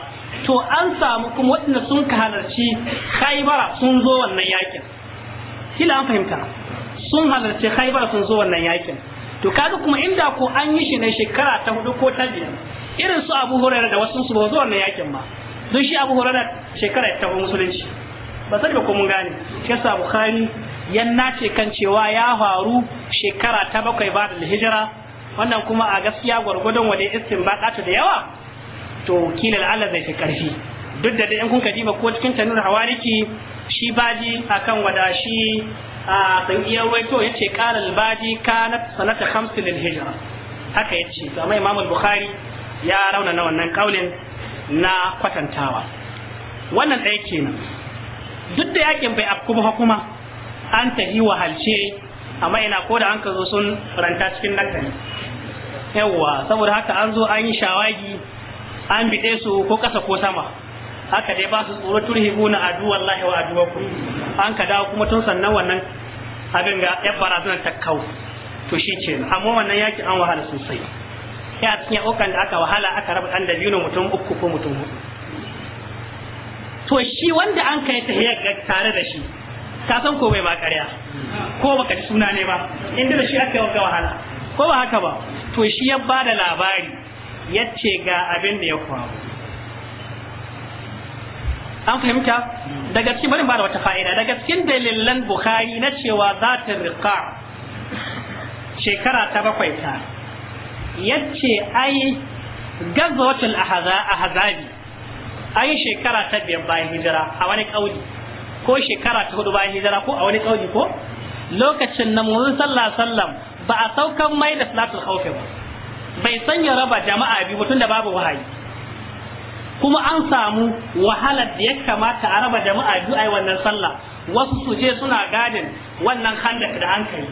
A: to an samu kuma waɗanda sun ka halarci khaibara sun zo wannan yakin kila an fahimta sun halarci khaibara sun zo wannan yakin to kaga kuma inda ko an yi shi ne shekara ta hudu ko ta biyar irin su abu hurairar da wasu su ba zo wannan yakin ba don shi abu hurairah shekara ta musulunci ba sai ba ko mun gane shi yasa bukhari yanna ce kan cewa ya faru shekara ta bakwai ba da hijira wannan kuma a gaskiya gwargwadon wade istinbata da yawa to kila Allah zai fi karfi duk da dai in kun kadiba ko cikin tanur hawariki shi baji akan wada shi a tsangiyar to ya ce ƙarar baji kanat sanata hamsin lil hijira haka ya ce amma imam bukhari ya rauna na wannan kaulin na kwatantawa wannan ɗaya kenan duk da yakin bai afku ba kuma an tahi wahalce amma ina ko da an ka zo sun ranta cikin nan ne saboda haka an zo an yi shawagi an bide su ko ƙasa ko sama haka dai ba su tsoro a adu wallahi wa aduwakum an ka dawo kuma tun sannan wannan abin ga yan barazanar ta kau to shi amma wannan yakin an wahala sosai sai a cikin ukan da aka wahala aka raba ɗan da biyu mutum uku ko mutum hudu to shi wanda an kai tahiyar tare da shi ka san ko bai ba ƙarya ko baka ji suna ne ba inda da shi aka yi wahala ko ba haka ba to shi ya ba da labari ya ce ga abin da ya faru an fahimta daga cikin barin ba da wata fa'ida daga cikin dalilan bukhari na cewa za ta riƙa shekara ta bakwai ta yace ai gazawatul ahzabi ai shekara ta biyar bayan hijira a wani kauli ko shekara ta hudu bayan hijira ko a wani kauli ko lokacin nan mun sallah sallam ba a saukan mai da salatul khawf ba bai sanya raba jama'a biyu tun da babu wahayi kuma an samu wahalar da ya kamata a raba jama'a biyu ai wannan sallah wasu su je suna gadin wannan handa da an kai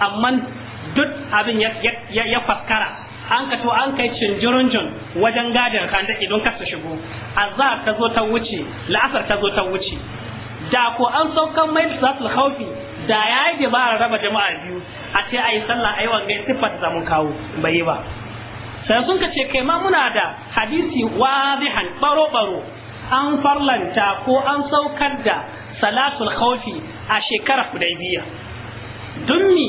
A: amma duk abin ya faskara an ka to an kai wajen gadin kande idan ka su shigo azhar ta zo ta wuce la'asar ta zo ta wuce da ko an saukan mai zatul haufi da ya yi ba raba jama'a biyu a ce yi sallah ayi wanga sifat za mu kawo bai yi ba sai sun ka ce kai ma muna da hadisi wadihan baro baro an farlanta ko an saukar da salatul khawfi a shekarar hudaybiya dun mi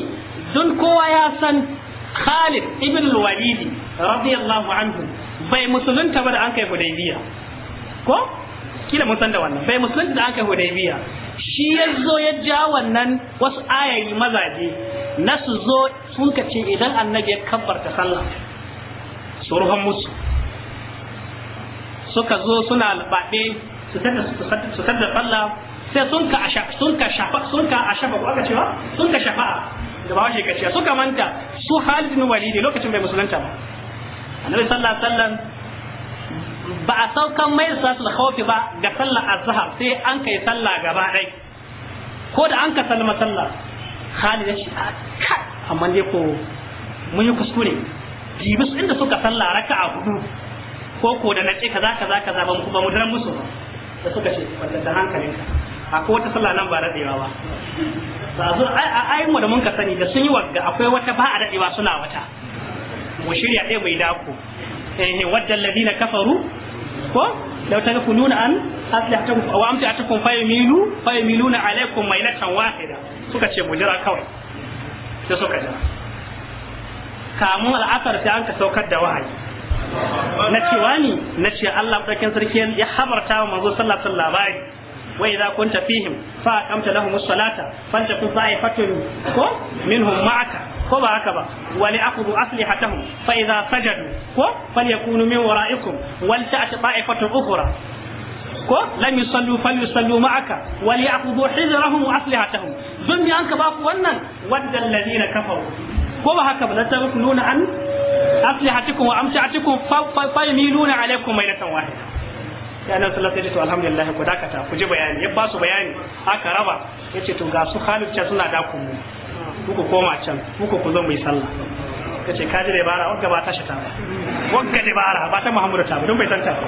A: dun kowa ya san Khalid ibn al-Walid radiyallahu anhu bai musulunta ba da an kai Hudaybiya ko kila mun san da wannan bai musulunta da an kai Hudaybiya shi ya zo ya ja wannan wasu ayayi mazaje na su zo sun ka ce idan annabi ya kabbarta sallah su ruhan musu suka zo suna albaɗe su tada sallah sai sun ka shafa aka cewa sun ka shafa'a da ba shi kaciya suka manta su Khalid bin Walid lokacin bai musulunta ba annabi sallallahu alaihi wasallam ba a saukan mai salatul khawfi ba ga sallar azhar sai an kai sallah gaba dai ko da an ka sallama sallah Khalid ya ce
B: ah,
A: amma dai ko mun yi kuskure jibi su inda suka sallah raka'a hudu ko ko da nace kaza kaza kaza ban kuma mudaran musu da suka ce wanda da hankalinka akwai wata sallah nan ba daɗewa ba a ai mu da mun ka sani da sun yi wagga akwai wata ba a daɗewa suna wata mu shirya ɗaya bai dako eh wadda Ladina kafaru ko law tadkhuluna an aslihatakum wa amti'atakum fa yamilu fa yamiluna alaykum mailatan wahida suka ce mu jira kawai sai suka jira kamun al'asar sai an ka saukar da wahayi na cewa ni na ce Allah ɗaukin sarki ya hamarta wa manzo sallallahu alaihi wasallam labari wa idza kunta fihim fa aqamta lahum as-salata faltakun fa'ifatun ko minhum ma'aka ko ba haka ba wa li aqudu aslihatahum ko falyakunu min wara'ikum ko yusallu ma'aka wa li aqudu wa aslihatahum dun an ka ba ku wannan wadda alladhina kafaru ko ba haka ba la takununa an aslihatikum wa amsatikum fa yamiluna alaykum maylatan wahida sai nan sallallahu alaihi wasallam alhamdulillah ku dakata ku ji bayani ya basu bayani aka raba yace to ga su Khalid can suna dakon mu ku koma can ku ku zo mu yi sallah ce ka ji ibara wanka ba ta shi ta ba wanka ibara ba ta Muhammadu ta ba don bai san ta ba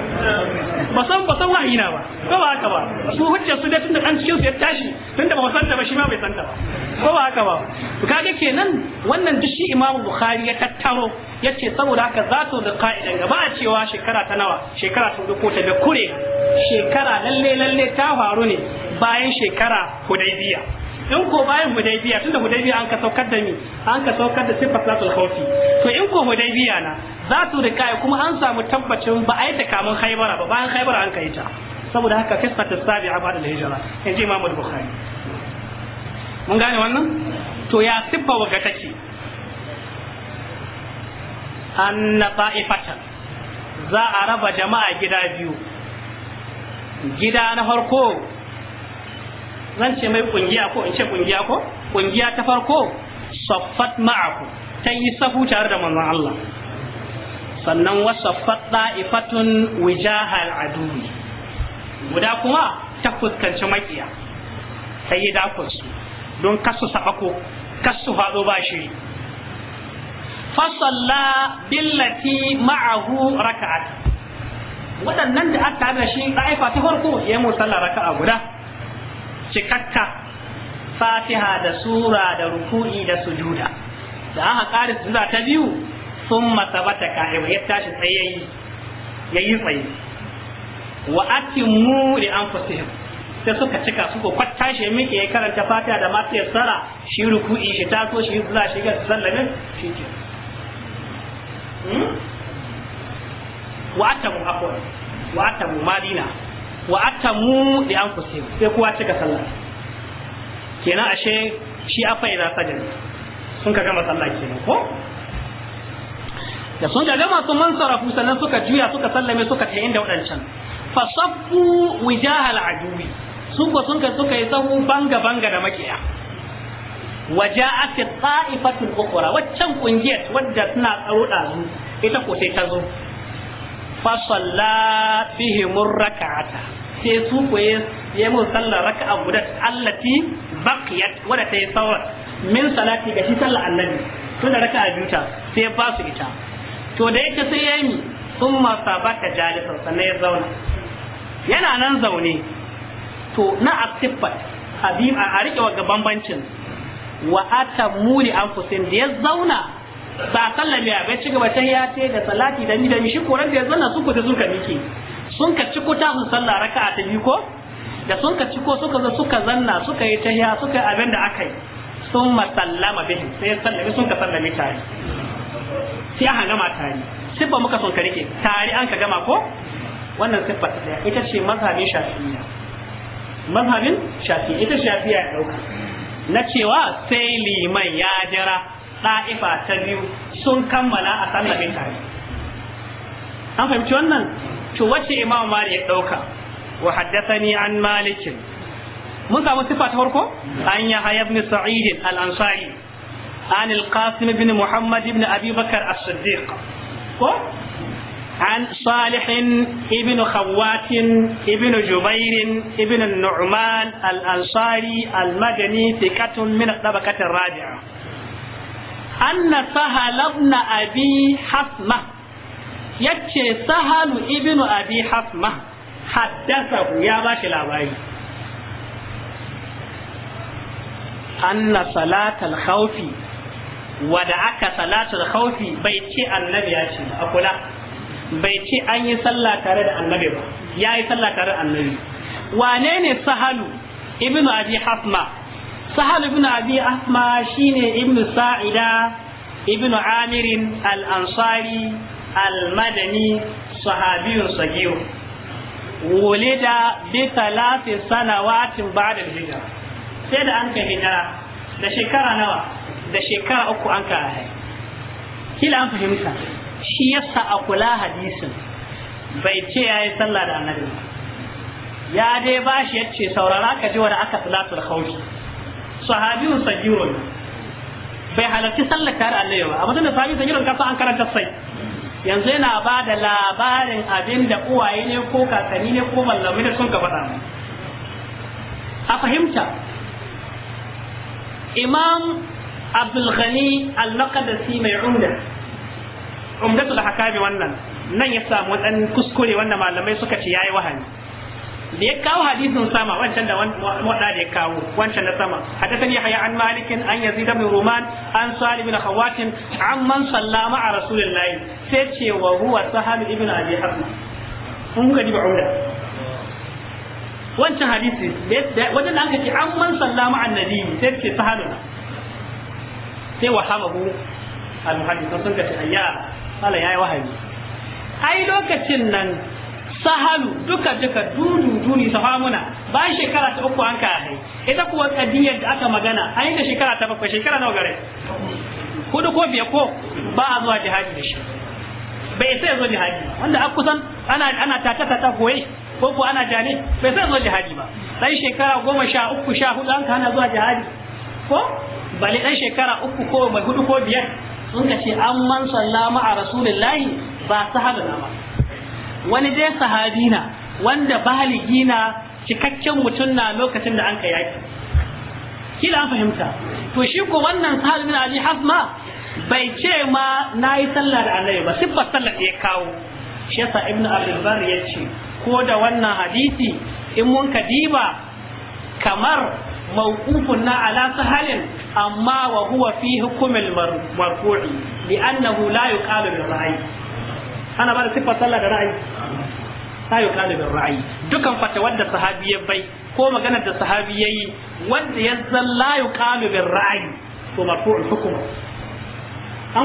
A: ba san ba san wahayi na ba ko ba haka ba su hujja su da tunda kan cikin su ya tashi tunda ba san ta ba shi ma bai san ta ba ko ba haka ba to kaga kenan wannan duk shi Imam Bukhari ya tattaro yace saboda haka za da ka'idan gaba a cewa shekara ta nawa shekara ta ko ta da kure shekara lalle lalle ta faru ne bayan shekara Hudaybiya in ko bayan hudaybiya tunda hudaybiya an ka saukar da mi an ka saukar da sifat salatul khawfi to in ko hudaybiya na za su rika kuma an samu tabbacin ba a yi kamun haibara ba bayan haibara an kai ta saboda haka kisfat sabi'a ba'da al-hijra in ji Imam Bukhari mun gane wannan to ya sifa waga take anna ta'ifata za a raba jama'a gida biyu gida na farko zan ce mai kungiya ko in ce kungiya ko kungiya ta farko saffat ma'aku ta yi safu tare da manzon Allah sannan wasaffat da'ifatun wijahal aduwi guda kuma ta fuskanci makiya ta yi dakonsu don kasu sabako kasu faɗo ba shiri fasalla billati ma'ahu raka'at waɗannan da aka da shi ɗa'ifa ta farko ya yi musalla raka'a guda cikakka fatiha da sura da ruku'i da sujuda da aka kare sujuda ta biyu sun masabata ka'ibu ya tashi tsayayi ya yi tsaye wa atimu li anfusihim sai suka cika suka kwatta shi miki ya karanta fatiha da masu yassara shi ruku'i shi taso shi zuwa shi ga sallamin shi ke hmm? wa atamu akwai wa atamu madina wa atamu li anfusihim sai kowa cika sallah kenan ashe shi afa idza sajada sun ka gama sallah kenan ko da sun ga gama sun mansarafu sannan suka juya suka sallame suka ta inda wadancan fasaffu wijahal aduwi sun ko sun ka suka yi sahu banga banga da makiya waja'at ta'ifatul ukhra waccan kungiyar wadda suna tsaro dazu ita ko sai ta zo fa salla fihim rak'ata sai su koye ya mun sallar raka'a guda allati baqiyat wanda ta yi sauran min salati ga shi sallar annabi tun da raka'a a ta sai ya su ita to da yake sai ya yi sun masa ba ta ya zauna yana nan zaune to na asiffat habib a rike wa bambancin wa atammu an anfusin da ya zauna ba sallame ya bai ci gaba ta ya da salati da ni, da mi shi koran da ya zauna su kuta sun ka miki sun ka ci ta su sallah raka'a ta biyu ko da sun ka ko suka zo suka zanna suka yi tahiya suka yi abin da aka yi sun masallama bihi sai sallami sun ka sallami tare sai aka gama tare sibba muka son ka rike tare an ka gama ko wannan siffa ta daya ita ce mazhabin shafi'iyya mazhabin shafi'iyya ita shafi'iyya ya dauka na cewa sai liman ya jira da'ifa ta biyu sun kammala a sallamin tare an fahimci wannan to wace imam malik ya dauka wa haddathani an malik mun samu sifa ta farko an ya hayab ibn sa'id al-ansari an al-qasim ibn muhammad ibn abi bakr as-siddiq ko عن صالح ابن خوات ابن جبير ابن النعمان الأنصاري المدني ثقة من الطبقة الرابعة أن سهل ابن أبي حسمة yace sahalu ibnu abi hasma haddasa ya bashi labari anna salatal khawfi wada aka salatul khawfi bai ce annabi ya ce a kula bai ce an yi sallah tare da annabi ba ya yi sallah tare da annabi wane ne sahalu ibnu abi hasma sahal ibn abi ahma shine ibn sa'ida ibn amirin al-ansari المدني صحابي صغير ولد بثلاث سنوات بعد الهجرة سيد أنك هجرة da shekara nawa da shekara uku an ka kila an fahimta shi yasa a kula hadisin bai ce ya yi sallah da ya dai ba shi ya ce saurara ka ji wani aka da khawfi sahabiyun sajirun bai halarci sallar tare annabi ba a mutum da sahabi sajirun kasa an karanta sai yanzu yana ba da labarin abin da uwaye ne ko kakanni ne ko mallamai da sun ka faɗa a fahimta imam abdulghani al-maqdisi mai umda umdatul hakami wannan nan ya samu dan kuskure wanda malamai suka ce yayi wahani da ya kawo hadisin sama wancan da wanda da ya kawo wancan na sama hadathani yahya an malik an yazid ibn ruman an salim ibn khawatin an man sallama a rasulullahi sai ce wa huwa sahabi ibn abi hasan kun ga diba umda wancan hadisi wajen da aka ce an man sallama annabi sai ce sahabi sai wa hamahu al-muhaddith sun ga ayya Allah yayi wahayi ai lokacin nan sahalu duka duka dudu duni muna bayan shekara ta uku an ka hai ita kuwa kadiyar da aka magana a yi da shekara ta bakwai shekara nawa gare hudu ko biya ko ba a zuwa jihadi da shi bai sai zo jihadi ba wanda a kusan ana ana tata tata koyi ko ko ana jani bai sai zo jihadi ba sai shekara goma sha uku sha hudu an kana zuwa jihadi ko bale dan shekara uku ko mai hudu ko biyar sun ka ce an man sallama a rasulullahi ba sahalu na ba wani dai sahabi na wanda baligi na cikakken mutum na lokacin da anka ka yaki kila an fahimta to shi ko wannan sahal ali hasma bai ce ma nayi sallah da annabi ba sifar sallah ya kawo shi yasa ibnu abdul bar ko da wannan hadisi in mun kadiba kamar amma على fi أما وهو في حكم المرفوع لأنه لا يقال بالرأي ana ba da siffar sallah da ra'ayi ta yi kalibin ra'ayi dukan fata da sahabi ya bai ko maganar da sahabi ya yi wanda ya zan la yi kalibin ra'ayi to marfu'ul hukuma an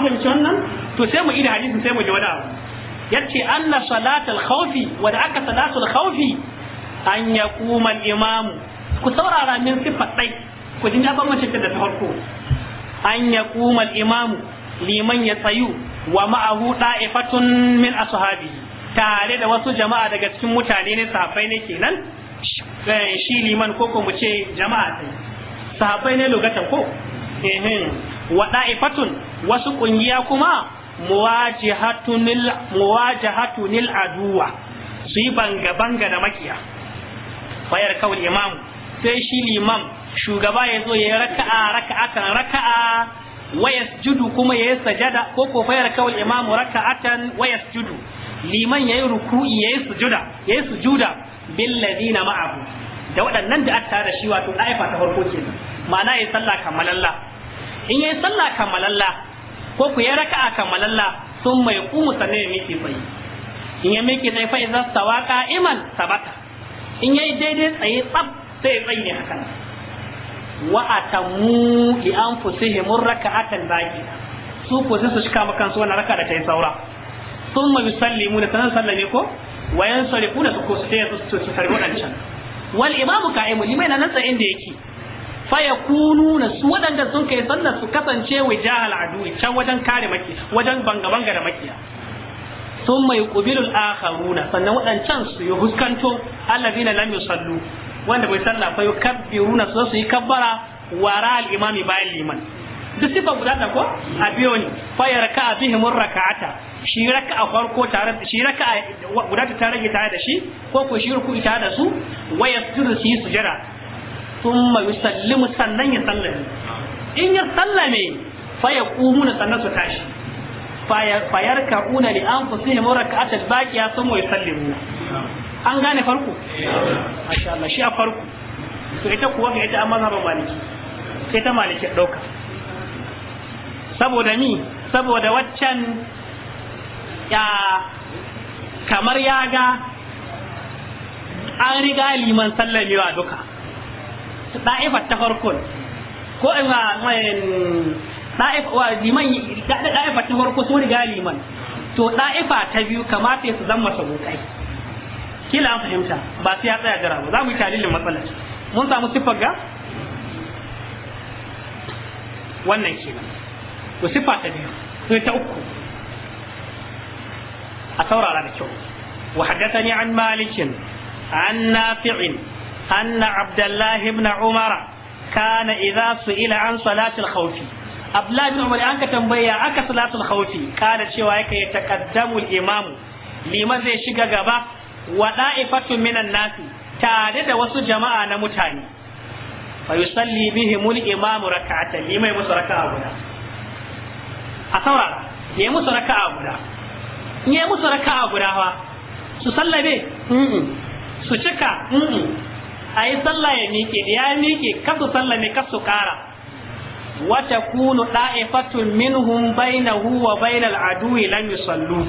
A: fahimci wannan to sai mu ida hadisin sai mu ji wani abu yace anna salatul khawfi wanda aka salatul khawfi an ya al imam ku saurara min sifat dai ku ji na bambancin da ta farko an ya al imam liman ya tsayu wa ma'ahu da'ifatun min ashabi tare da wasu jama'a daga cikin mutane ne sahabbai ne kenan eh, shi liman ko ko mu ce jama'a sai sahabbai ne lokacin ko eh. wa da'ifatun wasu kungiya kuma muwajihatunil muwajihatunil aduwa su yi banga banga da makiya wayar kawul imam sai shi shugaba ya zo ya raka'a raka'a kan raka'a wa Judu kuma yayi sajada ko ko fayar yarka wal imamu raka'atan wa yasjudu liman yayi ruku'i yayi sujuda yayi sujuda bil ladina ma'ahu da waɗannan da aka da shi wato ɗa'ifa ta farko ke nan. ma'ana yayi sallah kamalalla in yayi sallah kamalalla ko ku yayi raka'a kamalalla sun mai kumu sanne ya miƙe tsaye in ya miƙe tsaye fa idza sawaqa iman sabata in yayi daidai tsaye tsab sai ya tsaye haka wa atammu li anfusihim raka'atan baqi su ko su shika makan su wannan raka da ta yi saura thumma yusallimu da sanan sallame ko wa yansarifu da su ko su tayi su su tarbi wadancan wal imamu qa'imu liman nan tsayin da yake fa yakununa su wadanda sun kai sallar su kasance wijahal adui can wajen kare maki wajen banga banga da makiya thumma yuqbilu al-akharuna sannan wadancan su yi huskanto alladhina lam yusallu wanda bai sallah fa yukabbiruna su su yi kabbara wara al-imami bayan liman duk sifa guda da ko a biyo ne fa yarka bihim rak'ata shi raka'a farko tare shi raka'a guda ta rage tare da shi ko ko shi ruku tare da su wa yasjudu su sujada thumma yusallimu sannan ya sallame in ya sallame fa yaqumuna sannan su tashi fa yarka'una li anfusihim rak'ata al-baqiya thumma yusallimuna an gane farko masha Allah shi a farko to ita kuwa ga ita amma zaba maliki sai ta maliki dauka saboda ni saboda waccan ya kamar ya ga an riga liman sallamewa duka da'ifar ta farko ko eh, in da'ifar ta farko sun riga liman to da'ifa ta biyu kamata su zama sabukai kila an fahimta ba sai ya tsaya jira ba za mu yi talilin matsalar mun samu siffar ga wannan kenan to siffa ta biyu sai ta uku a saurara da kyau wa haddathani an malikin an nafi'in anna abdullahi ibn umara kana idza su'ila an salatil khawfi abdullahi ibn umara an ka tambaya aka salatul khawfi kana cewa yake ya taqaddamu al-imam liman zai shiga gaba wa da'ifatu minan nasi tare da wasu jama'a na mutane fa yusalli bihim al-imamu rak'atan limai musu raka'a guda a saurara ya musu raka'a guda in musu raka guda fa su sallabe su cika a yi sallah ya miƙe ya miƙe su sallame kasu ƙara وتكون طائفة منهم بينه وبين العدو lan يصلوا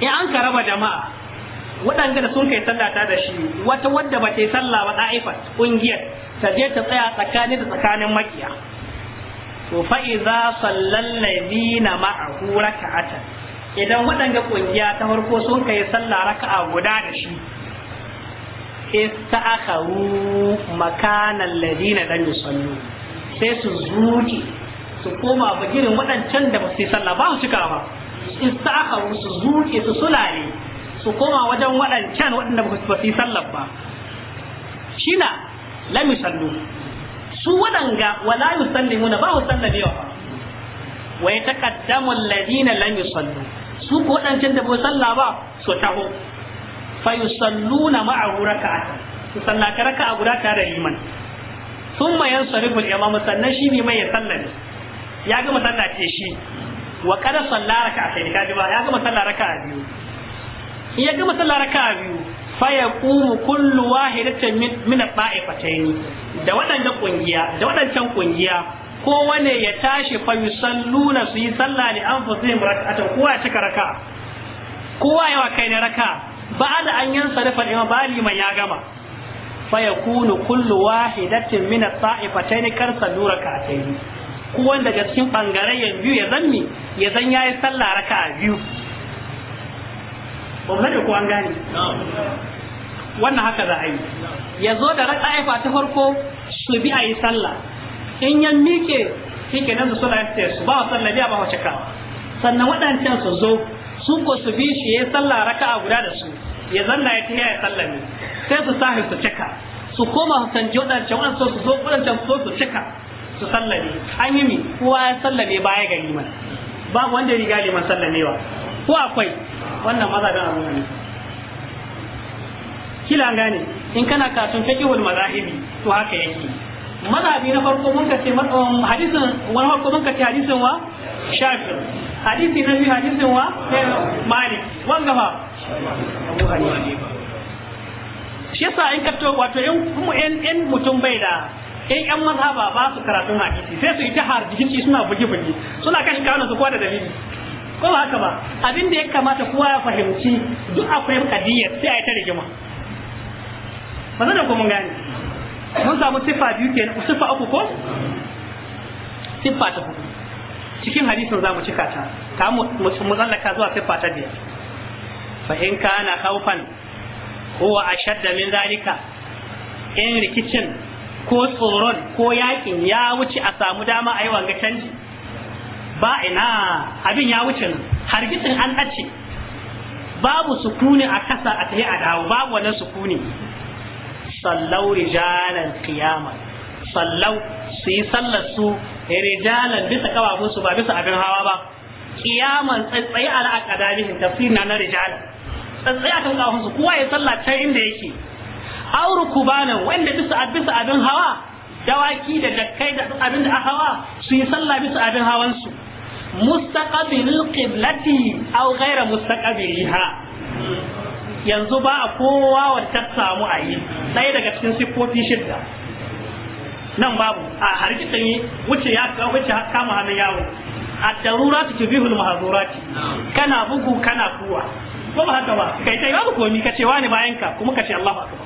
A: in an ka raba jama'a waɗanda da sun kai sallah ta da shi wata wadda ba ta yi sallah ba ɗa'ifa ƙungiyar ta je ta tsaya tsakani da tsakanin makiya to fa idza sallal ladina ma'ahu raka'atan idan waɗanda ƙungiya ta farko sun kai sallah raka'a guda da shi ista'akharu makanan ladina lam yusallu sai su zuke su koma bagirin waɗancan da ba su yi sallah ba su cika ba ista'akharu su zuke su sulale su koma wajen waɗancan waɗanda ba su yi sallar ba Shi na lami sallu su waɗanga wala yi yusallimuna ba su sallamewa wa yataqaddamu alladhina lami sallu su ko waɗancan da ba su sallah ba su taho fa yi yusalluna ma'ahu raka'atan su sallaka a guda tare da liman Sun yansarifu al-imam sannan shi ne mai ya sallame ya gama sallace shi wa kada salla raka'a sai kaji ba ya gama sallah raka'a biyu in ya gama sallah raka'a biyu fa yaqumu kullu wahidatin min al-ba'ifatayn da wadannan kungiya da wadannan kungiya wane ya tashi fa yusalluna su yi sallah li anfusihim raka'atan kowa ya cika raka'a kowa yawa kai ne raka'a da an yansa da fa'ima ba liman ya gama wahidatin min al من الطائفتين كرسل ركعتين ko daga cikin ya biyu ya zanni ya zan yayi sallah a biyu ba mu ko an gane wannan haka za a yi ya zo da raka raka'a ta farko su bi a yi sallah in ya mike shi ke nan su suna yasta su ba wa sallah biya ba wa cikawa sannan waɗancan su zo su ko su bi shi ya yi sallah a guda da su ya zanna ya tiya ya sallah ne sai su sahi su cika su koma su canje waɗancan waɗancan su zo waɗancan su zo su cika su sallame an yi mi kowa ya sallame baya ga liman ba wanda ya riga liman sallamewa ko akwai wannan mazhabin abu ne kila gane in kana kasun kiwul mazahibi to haka yake mazhabi na farko mun kace um, hadisin wani farko mun kace hadisin wa shafi hadisi na biyu hadisin wa malik wanga fa shi yasa in kato to wato in mutum bai da in ƴan mazhaba ba su karatun hadisi sai su yi ta harjihinci suna bugi-bugi suna kashi kawo su kowa da dalili ko ba haka ba abin da ya kamata kowa ya fahimci duk akwai kadiyya sai a yi ta rigima ba zan da kuma gani mun samu siffa biyu ke siffa uku ko siffa ta hudu cikin hadisin za mu cika ta ta mu tsallaka zuwa siffa ta biyar fa in kana khawfan huwa ashadda min zalika in rikicin ko tsoron ko yakin ya wuce a samu dama a yi wanga canji ba ina abin ya wuce nan hargitsin an ɗace babu sukuni a ƙasa a tafi a dawo babu wani sukuni sallau rijalan qiyama sallau su yi sallar su rijalan bisa kawafin su ba bisa abin hawa ba qiyaman tsaitsaye ala aqdamihim tafsir na na rijalan tsaitsaye akan kawafin su kowa ya sallar can inda yake auru kubana wanda bisa bisa abin hawa dawaki da dakkai da abin da hawa su yi sallah bisa abin hawan su mustaqabilul qiblati aw ghayra mustaqabiliha yanzu ba a kowa ta samu a yi ɗaya daga cikin siffofi shidda nan babu a harki yi wuce ya wuce kama hannun yawo a darura su kana bugu kana kuwa ko ba haka ba kai sai babu komi kace wani bayan ka kuma kace Allahu akbar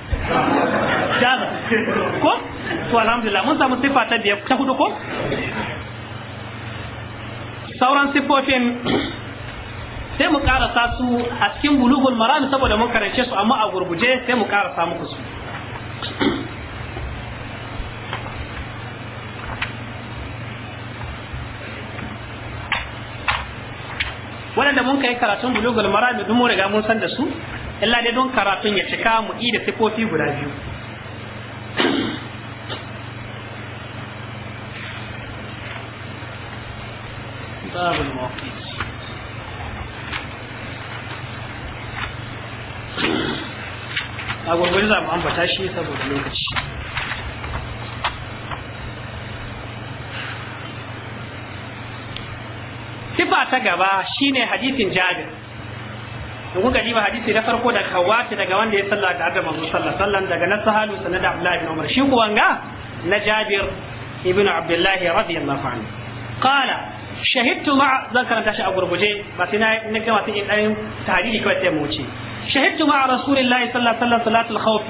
A: da ko to alhamdulillah mun samu sifa ta biyar ta hudu ko sauran sifofin sai mu karasa su a cikin bulugul marami saboda mun karance su amma a gurguje sai mu karasa muku su waɗanda mun kai karatun bulugul marami duk mun riga mun san da su illa dai don karatun ya cika mu da sifofi guda biyu a za mu ambata shi saboda lokaci sifa ta gaba shine hadisin jabir da kuka ji hadisi na farko da kawace daga wanda ya salla da Adam Abu sallallahu sallan daga na sahalu sanada Abdullah ibn Umar shi kuwa ga na Jabir ibn Abdullahi radiyallahu anhu qala shahidtu ma zan karanta shi a gurguje ba sai na na ga wasu in dan tarihi kawai sai mu ce shahidtu ma rasulillahi sallallahu alaihi wasallam salatul khawf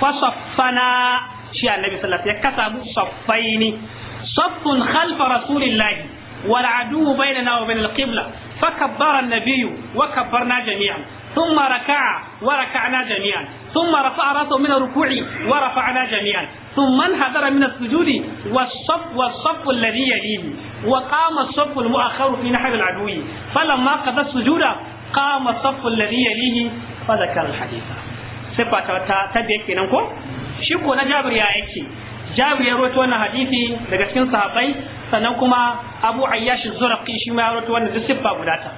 A: fa saffana shi annabi sallallahu alaihi wasallam ya kasamu saffaini saffun khalfa rasulillahi والعدو بيننا وبين القبلة فكبر النبي وكبرنا جميعا ثم ركع وركعنا جميعا ثم رفع راسه من الركوع ورفعنا جميعا ثم انحدر من السجود والصف والصف الذي يليه وقام الصف المؤخر في نحو العدو فلما قضى السجود قام الصف الذي يليه فذكر الحديث sifa ta biyar kenan ko shi ko na jabir ya yake jabir ya rawaito wannan hadisi daga cikin sahabbai sannan kuma abu ayyashi zurafi shi ma rawaito wannan duk siffa guda ta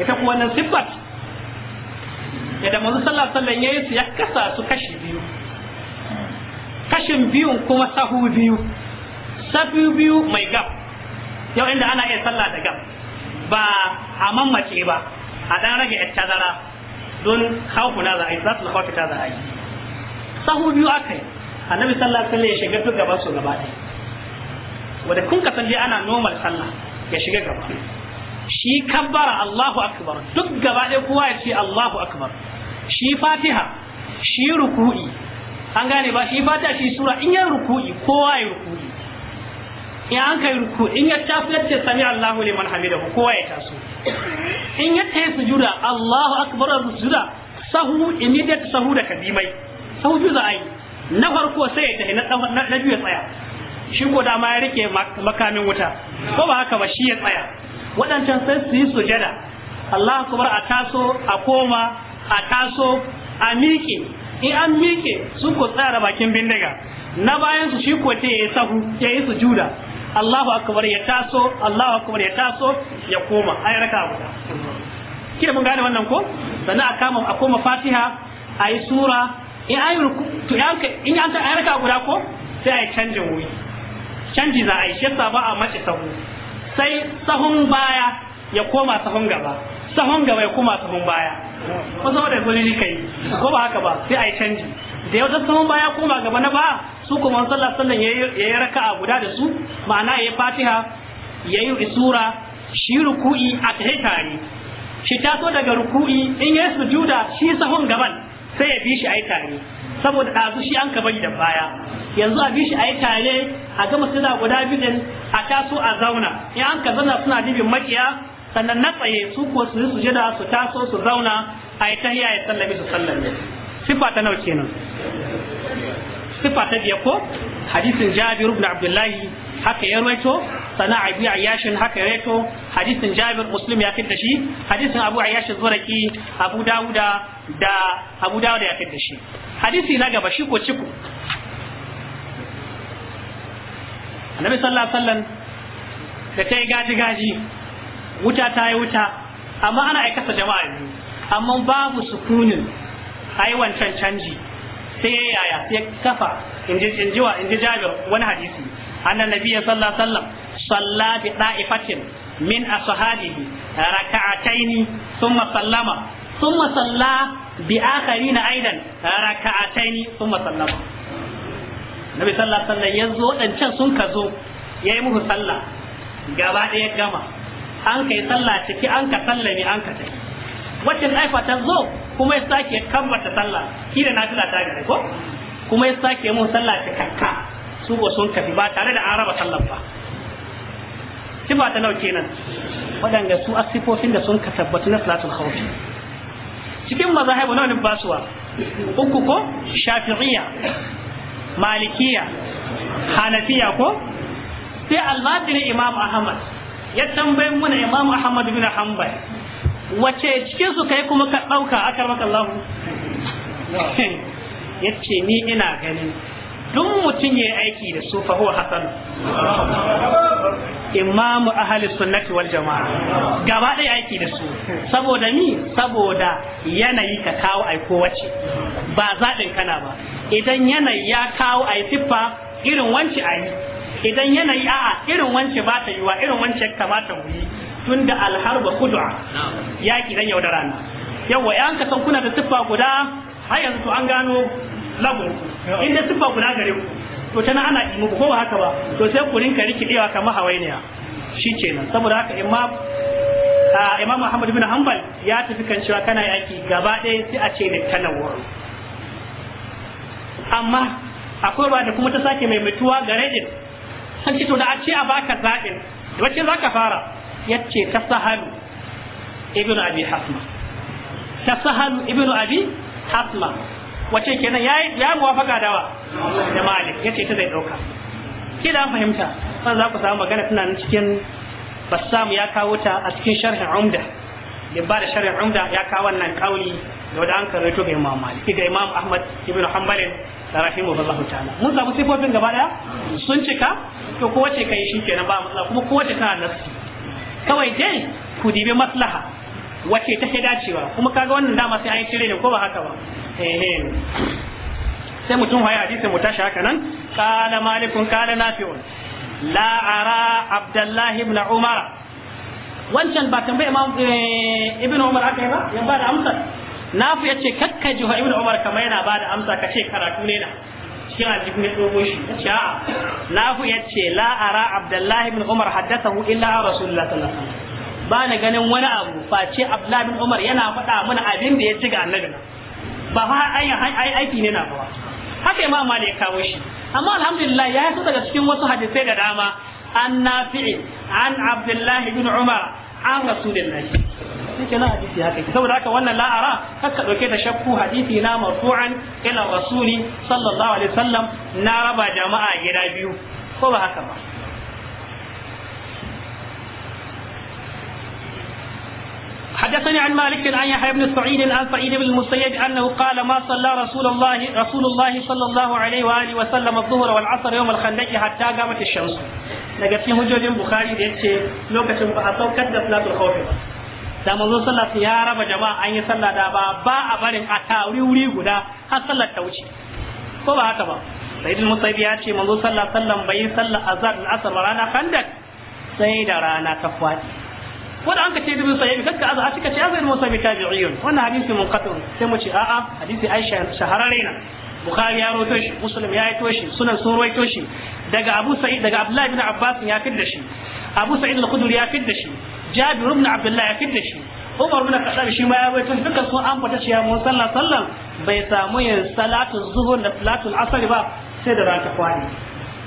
A: ita kuma wannan siffat da manzo sallallahu alaihi wasallam yayin su ya kasa su kashi biyu kashin biyun kuma sahu biyu sahu biyu mai gab yau inda ana iya sallah da gab ba a mammace ba a dan rage yar tazara don hauku na za a yi za su hauku ta za a yi sahu biyu aka yi annabi sallallahu alaihi wasallam ya shiga duk gaban su gaba ɗaya wanda kun kasan dai ana normal sallah ya shiga gaba shi kabbara Allahu akbar duk gaba ɗaya kowa ya ce Allahu akbar shi fatiha shi ruku'i an gane ba shi fatiha shi sura in yi ruku'i kowa ya ruku'i in an kai ruku in ya tafilar ce sami Allahu liman hamidahu kowa ya taso in ya tayi sujuda Allahu akbar sujuda sahu immediate sahu da kadimai sahu juza ai na farko sai ya tafi na biyu ya tsaya shi ko dama ya rike makamin wuta ko ba haka ba shi ya tsaya waɗancan sai su yi sujada Allah kubar a taso a koma a taso a miƙe in an miƙe su ko tsaya da bakin bindiga na bayan su shi ko ya yi sahu ya yi sujuda Allahu akbar ya taso Allahu akbar ya taso ya koma ai raka guda kike mun gane wannan ko sannan a kama a koma Fatiha ayi sura in ayi to in an ta ayi raka guda ko sai ayi canjin wuri canji za a yi ba a mace sahu sai sahun baya ya koma sahun gaba sahun gaba ya koma sahun baya ko saboda gulili kai ko ba haka ba sai a yi canji da yau sahun baya koma gaba na ba su kuma sallah sallan raka a guda da su ma'ana ya yi fatiha ya yi isura shi ruku'i a kai tare shi taso daga ruku'i in yayi sujuda shi sahun gaban sai ya bi shi yi tare saboda ɗazu shi an ka bari da baya yanzu a bi shi a yi tare a gama suna guda bidin a taso a zauna in an ka zauna suna dibin makiya sannan na tsaye su kuwa su yi sujada su taso su zauna a yi tahiya ya sallame su sallame sifa ta nau kenan sifa ta biya ko hadisin jabir ibn abdullahi haka ya rawaito sana abi ayyashin haka ya rawaito hadisin jabir muslim ya kidda shi hadisin abu ayyashin zuraki abu dawuda da abu dawuda ya kidda shi hadisi na gaba shi ko ciko annabi sallallahu alaihi wasallam da ta yi gaji gaji wuta ta yi wuta amma ana aikata jama'a yanzu amma babu sukunin ai wancan canji sai ya yaya sai kafa in ji wa jabir wani hadisi annan nabiyyi sallallahu alaihi wasallam salla bi da'ifatin min ashabihi raka'ataini thumma sallama ثم صلى بآخرين أيضا ركعتين ثم صلى النبي صلى الله عليه وسلم يزو أن كان سنكزو يأمه صلى gaba ɗaya gama an kai sallah ciki an ka sallame an ka tafi wacce aifa ta zo kuma ya sake kammata sallah shi da nafila ta gare ko kuma ya sake mun sallah kakka su ba sun kafi ba tare da an raba sallah ba sifa nau kenan waɗanda su asifofin da sun ka na salatul khawfi cikin mazahibu nawa ne basuwa uku ko shafi'iyya malikiya hanafiya ko sai almajirin imam ahmad ya tambayin muna imam ahmad bin hanbal wace cikin su kai kuma ka dauka akar maka Allah [LAUGHS] ya ce ni ina ganin duk mutum ya aiki da su fa huwa hasan imamu ahli sunnati wal jama'a gaba ɗaya aiki da su saboda ni saboda yanayi ka kawo ai ko wace ba zaɗin kana ba idan yanayi ya kawo ai siffa irin wance ayi idan yanayi a'a irin wance ba ta yiwa irin wance kamata mu yi tunda alharba khud'a yaki dan yaudara yau yawa yan san kuna da siffa guda har yanzu an gano lagu in da siffa guda gare ku to tana ana imu ko ba haka ba to sai ku rinka rikidewa kamar hawainiya kenan saboda haka imam imam Muhammad bin Hanbal ya tafi kan cewa kana yaki gaba ɗaya sai a ce ne tanawwur amma akwai ba da kuma ta sake mai mutuwa gare din an to da a ce a baka zaɓin wacce za ka fara yace ta sahalu ibnu abi hasma ta sahalu abi hasma wace kenan yayi ya muwafaka dawa da malik yace ta zai dauka da fahimta san za ku samu magana tana nan cikin bassam ya kawo ta a cikin sharhin umda da ba da sharhin umda ya kawo wannan kauli da wanda an karanto ga imam malik ga imam ahmad ibn hanbal rahimahullahu ta'ala mun samu sifofin gaba daya sun cika to ko wace kai kenan ba matsala kuma ko wace tana nafsi kawai dai ku dibi maslaha wace ta fi dacewa kuma kaga wannan dama sai an cire ne ko ba haka ba eh sai mutum haya hadisi mu tashi haka nan qala malikun qala nafi'un la ara abdullah ibn umar wancan ba tambayi imam eh, ibn umar aka yi ba ya ba da amsa nafi yace kakkaji wa ibn umar kamar yana ba da amsa kace karatu ne na cikin aljibin ya dogo shi ya ce a'a nafi yace la ara abdullah ibn umar haddathahu illa rasulullah sallallahu alaihi wasallam ba na ganin wani abu face abdullahi bin Umar yana faɗa mana abin da ya ci ga annabi ba fa ai aiki ne na ba haka Imam Malik ya kawo shi amma alhamdulillah ya yi daga cikin wasu hadisai da dama an nafi'i an abdullahi bin Umar an Rasulullah yake na hadisi haka saboda haka wannan la'ara haka dauke da shakku hadisi na marfu'an ila rasuli sallallahu alaihi wasallam na raba jama'a gida biyu ko ba haka ba
B: حدثني عن مالك
A: عن يحيى بن سعيد عن سعيد بن المسيب انه قال ما صلى رسول الله رسول الله صلى الله عليه واله وسلم الظهر والعصر يوم الخندق حتى قامت الشمس daga cikin hujjojin bukhari da yace lokacin ba a saukar da salatul khawf ba da manzo sallallahu ya raba jama'a an yi sallah da ba ba a barin a tauri wuri guda har sallar ta wuce ko ba haka ba sayyidul musayyib ya ce manzo sallallahu alaihi wasallam bai sallar azhar al rana khandak sai da rana ta fadi ko da an ka ce ibn sayyid kakka azu a cika ce azu musa bi tabi'iyun wannan hadisi mun munqati sai mu ce a'a hadisi aisha shahararre na bukhari ya roto shi muslim ya rawaito shi sunan sun rawaito shi daga abu sa'id daga abdullah ibn abbas ya fidda shi abu sa'id al-khudri ya fidda shi jabir ibn abdullah ya fidda shi umar bin khattab shi ma ya rawaito shi dukkan sun ambata shi ya mun sallah sallan bai samu yin salatu zuhur da salatul asr ba sai da ranta kwani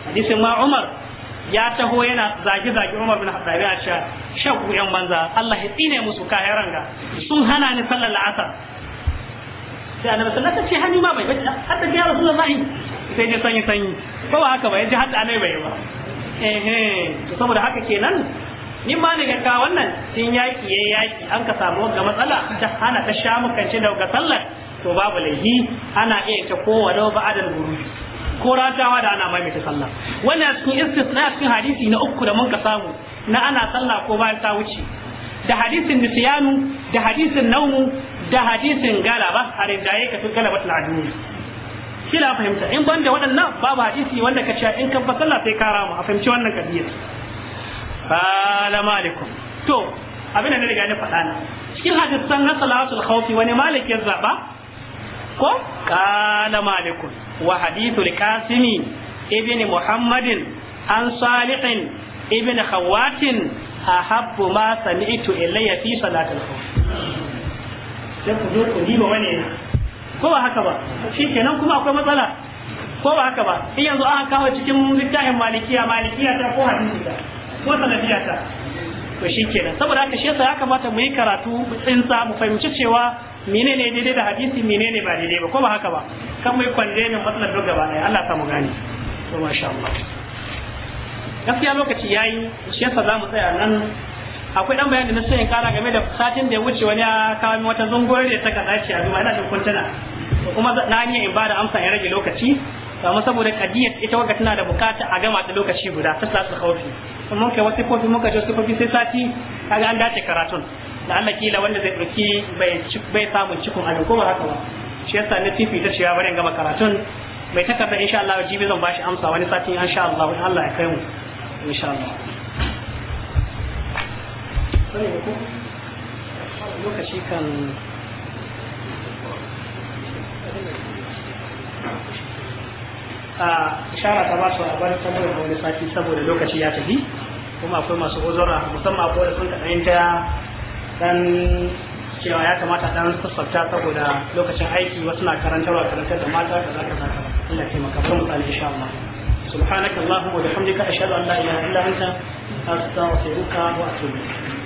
A: hadisin ma umar ya taho yana zage zage Umar bin Khattab ya ce shagu yan banza Allah ya tsine musu kahiran ga sun hana ni sallar la'asar sai annabi sallallahu alaihi wasallam ce hani ma bai bace har da ya rasulullahi sai dai sanyi sanyi ko ba haka ba ya ji hadda da annabi bai ba eh to saboda haka kenan ni ma ne ga wannan tin yaki yayi yaki an ka samu ga matsala ta hana ta sha mukanci daga sallar to babu laihi ana iya ta kowa da ba'adal guruji ko ratawa da ana maimaita sallah wannan cikin istisna cikin hadisi na uku da mun ka samu na ana sallah ko bayan ta wuce da hadisin nisyanu da hadisin naumu da hadisin galaba a rinjaye ka fi galabatul aduni shi la fahimta in banda waɗannan babu hadisi wanda ka ce in kan fa sallah sai ka rama a fahimci wannan kadiyar salamu alaikum to abin da na riga na faɗa na cikin hadisan hasalatul salatul khawfi wani malik ya zaba ko kana malikun wa hadithul kasimi ibn muhammadin an salihin ibn khawatin habbu ma sami'tu ilayya fi salatil khawf
B: sai ku zo ku diba wani
A: ko ba haka ba shi kenan kuma akwai matsala ko ba haka ba in yanzu an kawo cikin littafin malikiya malikiya ta ko hadisi ko salafiya ta to kenan, saboda haka shi yasa ya kamata mu yi karatu mu tsinsa mu fahimci cewa menene daidai da hadisi menene ba daidai ba ko ba haka ba kan mai kwande ne matsalar duk gaba ɗaya Allah ta mu gane to masha Allah gaskiya lokaci yayi shi yasa zamu tsaya nan akwai dan bayani na so in kara game da satin da ya wuce wani ya kawo min wata zungure da ta kada ce a zuwa ina jin kuntuna kuma na niyya in bada amsa ya rage lokaci amma saboda kadiya ita waka tana da bukata a gama ta lokaci guda ta sa su kaufi mun kai wasu kofi muka ji wasu kofi sai sati kaga an dace karatun da Allah kila wanda zai ɗauki bai samun cikin abin ko ba haka ba shi yasa na tifi ta cewa bari in gama karatun mai takarda insha Allah jibi zan bashi amsa wani sati insha Allah in Allah ya kai mu insha Allah lokaci kan a ah, shara ta ba su a bari saboda wani sati saboda lokaci ya tafi kuma akwai masu uzura musamman akwai da sun kaɗan ta dan cewa ya kamata dan sassauta saboda lokacin aiki wasu na karantarwa karantar da mata kaza kaza Allah ya maka bar misali insha Allah
B: subhanakallahumma wa bihamdika ashhadu an la ilaha illa anta astaghfiruka wa atubu ilaik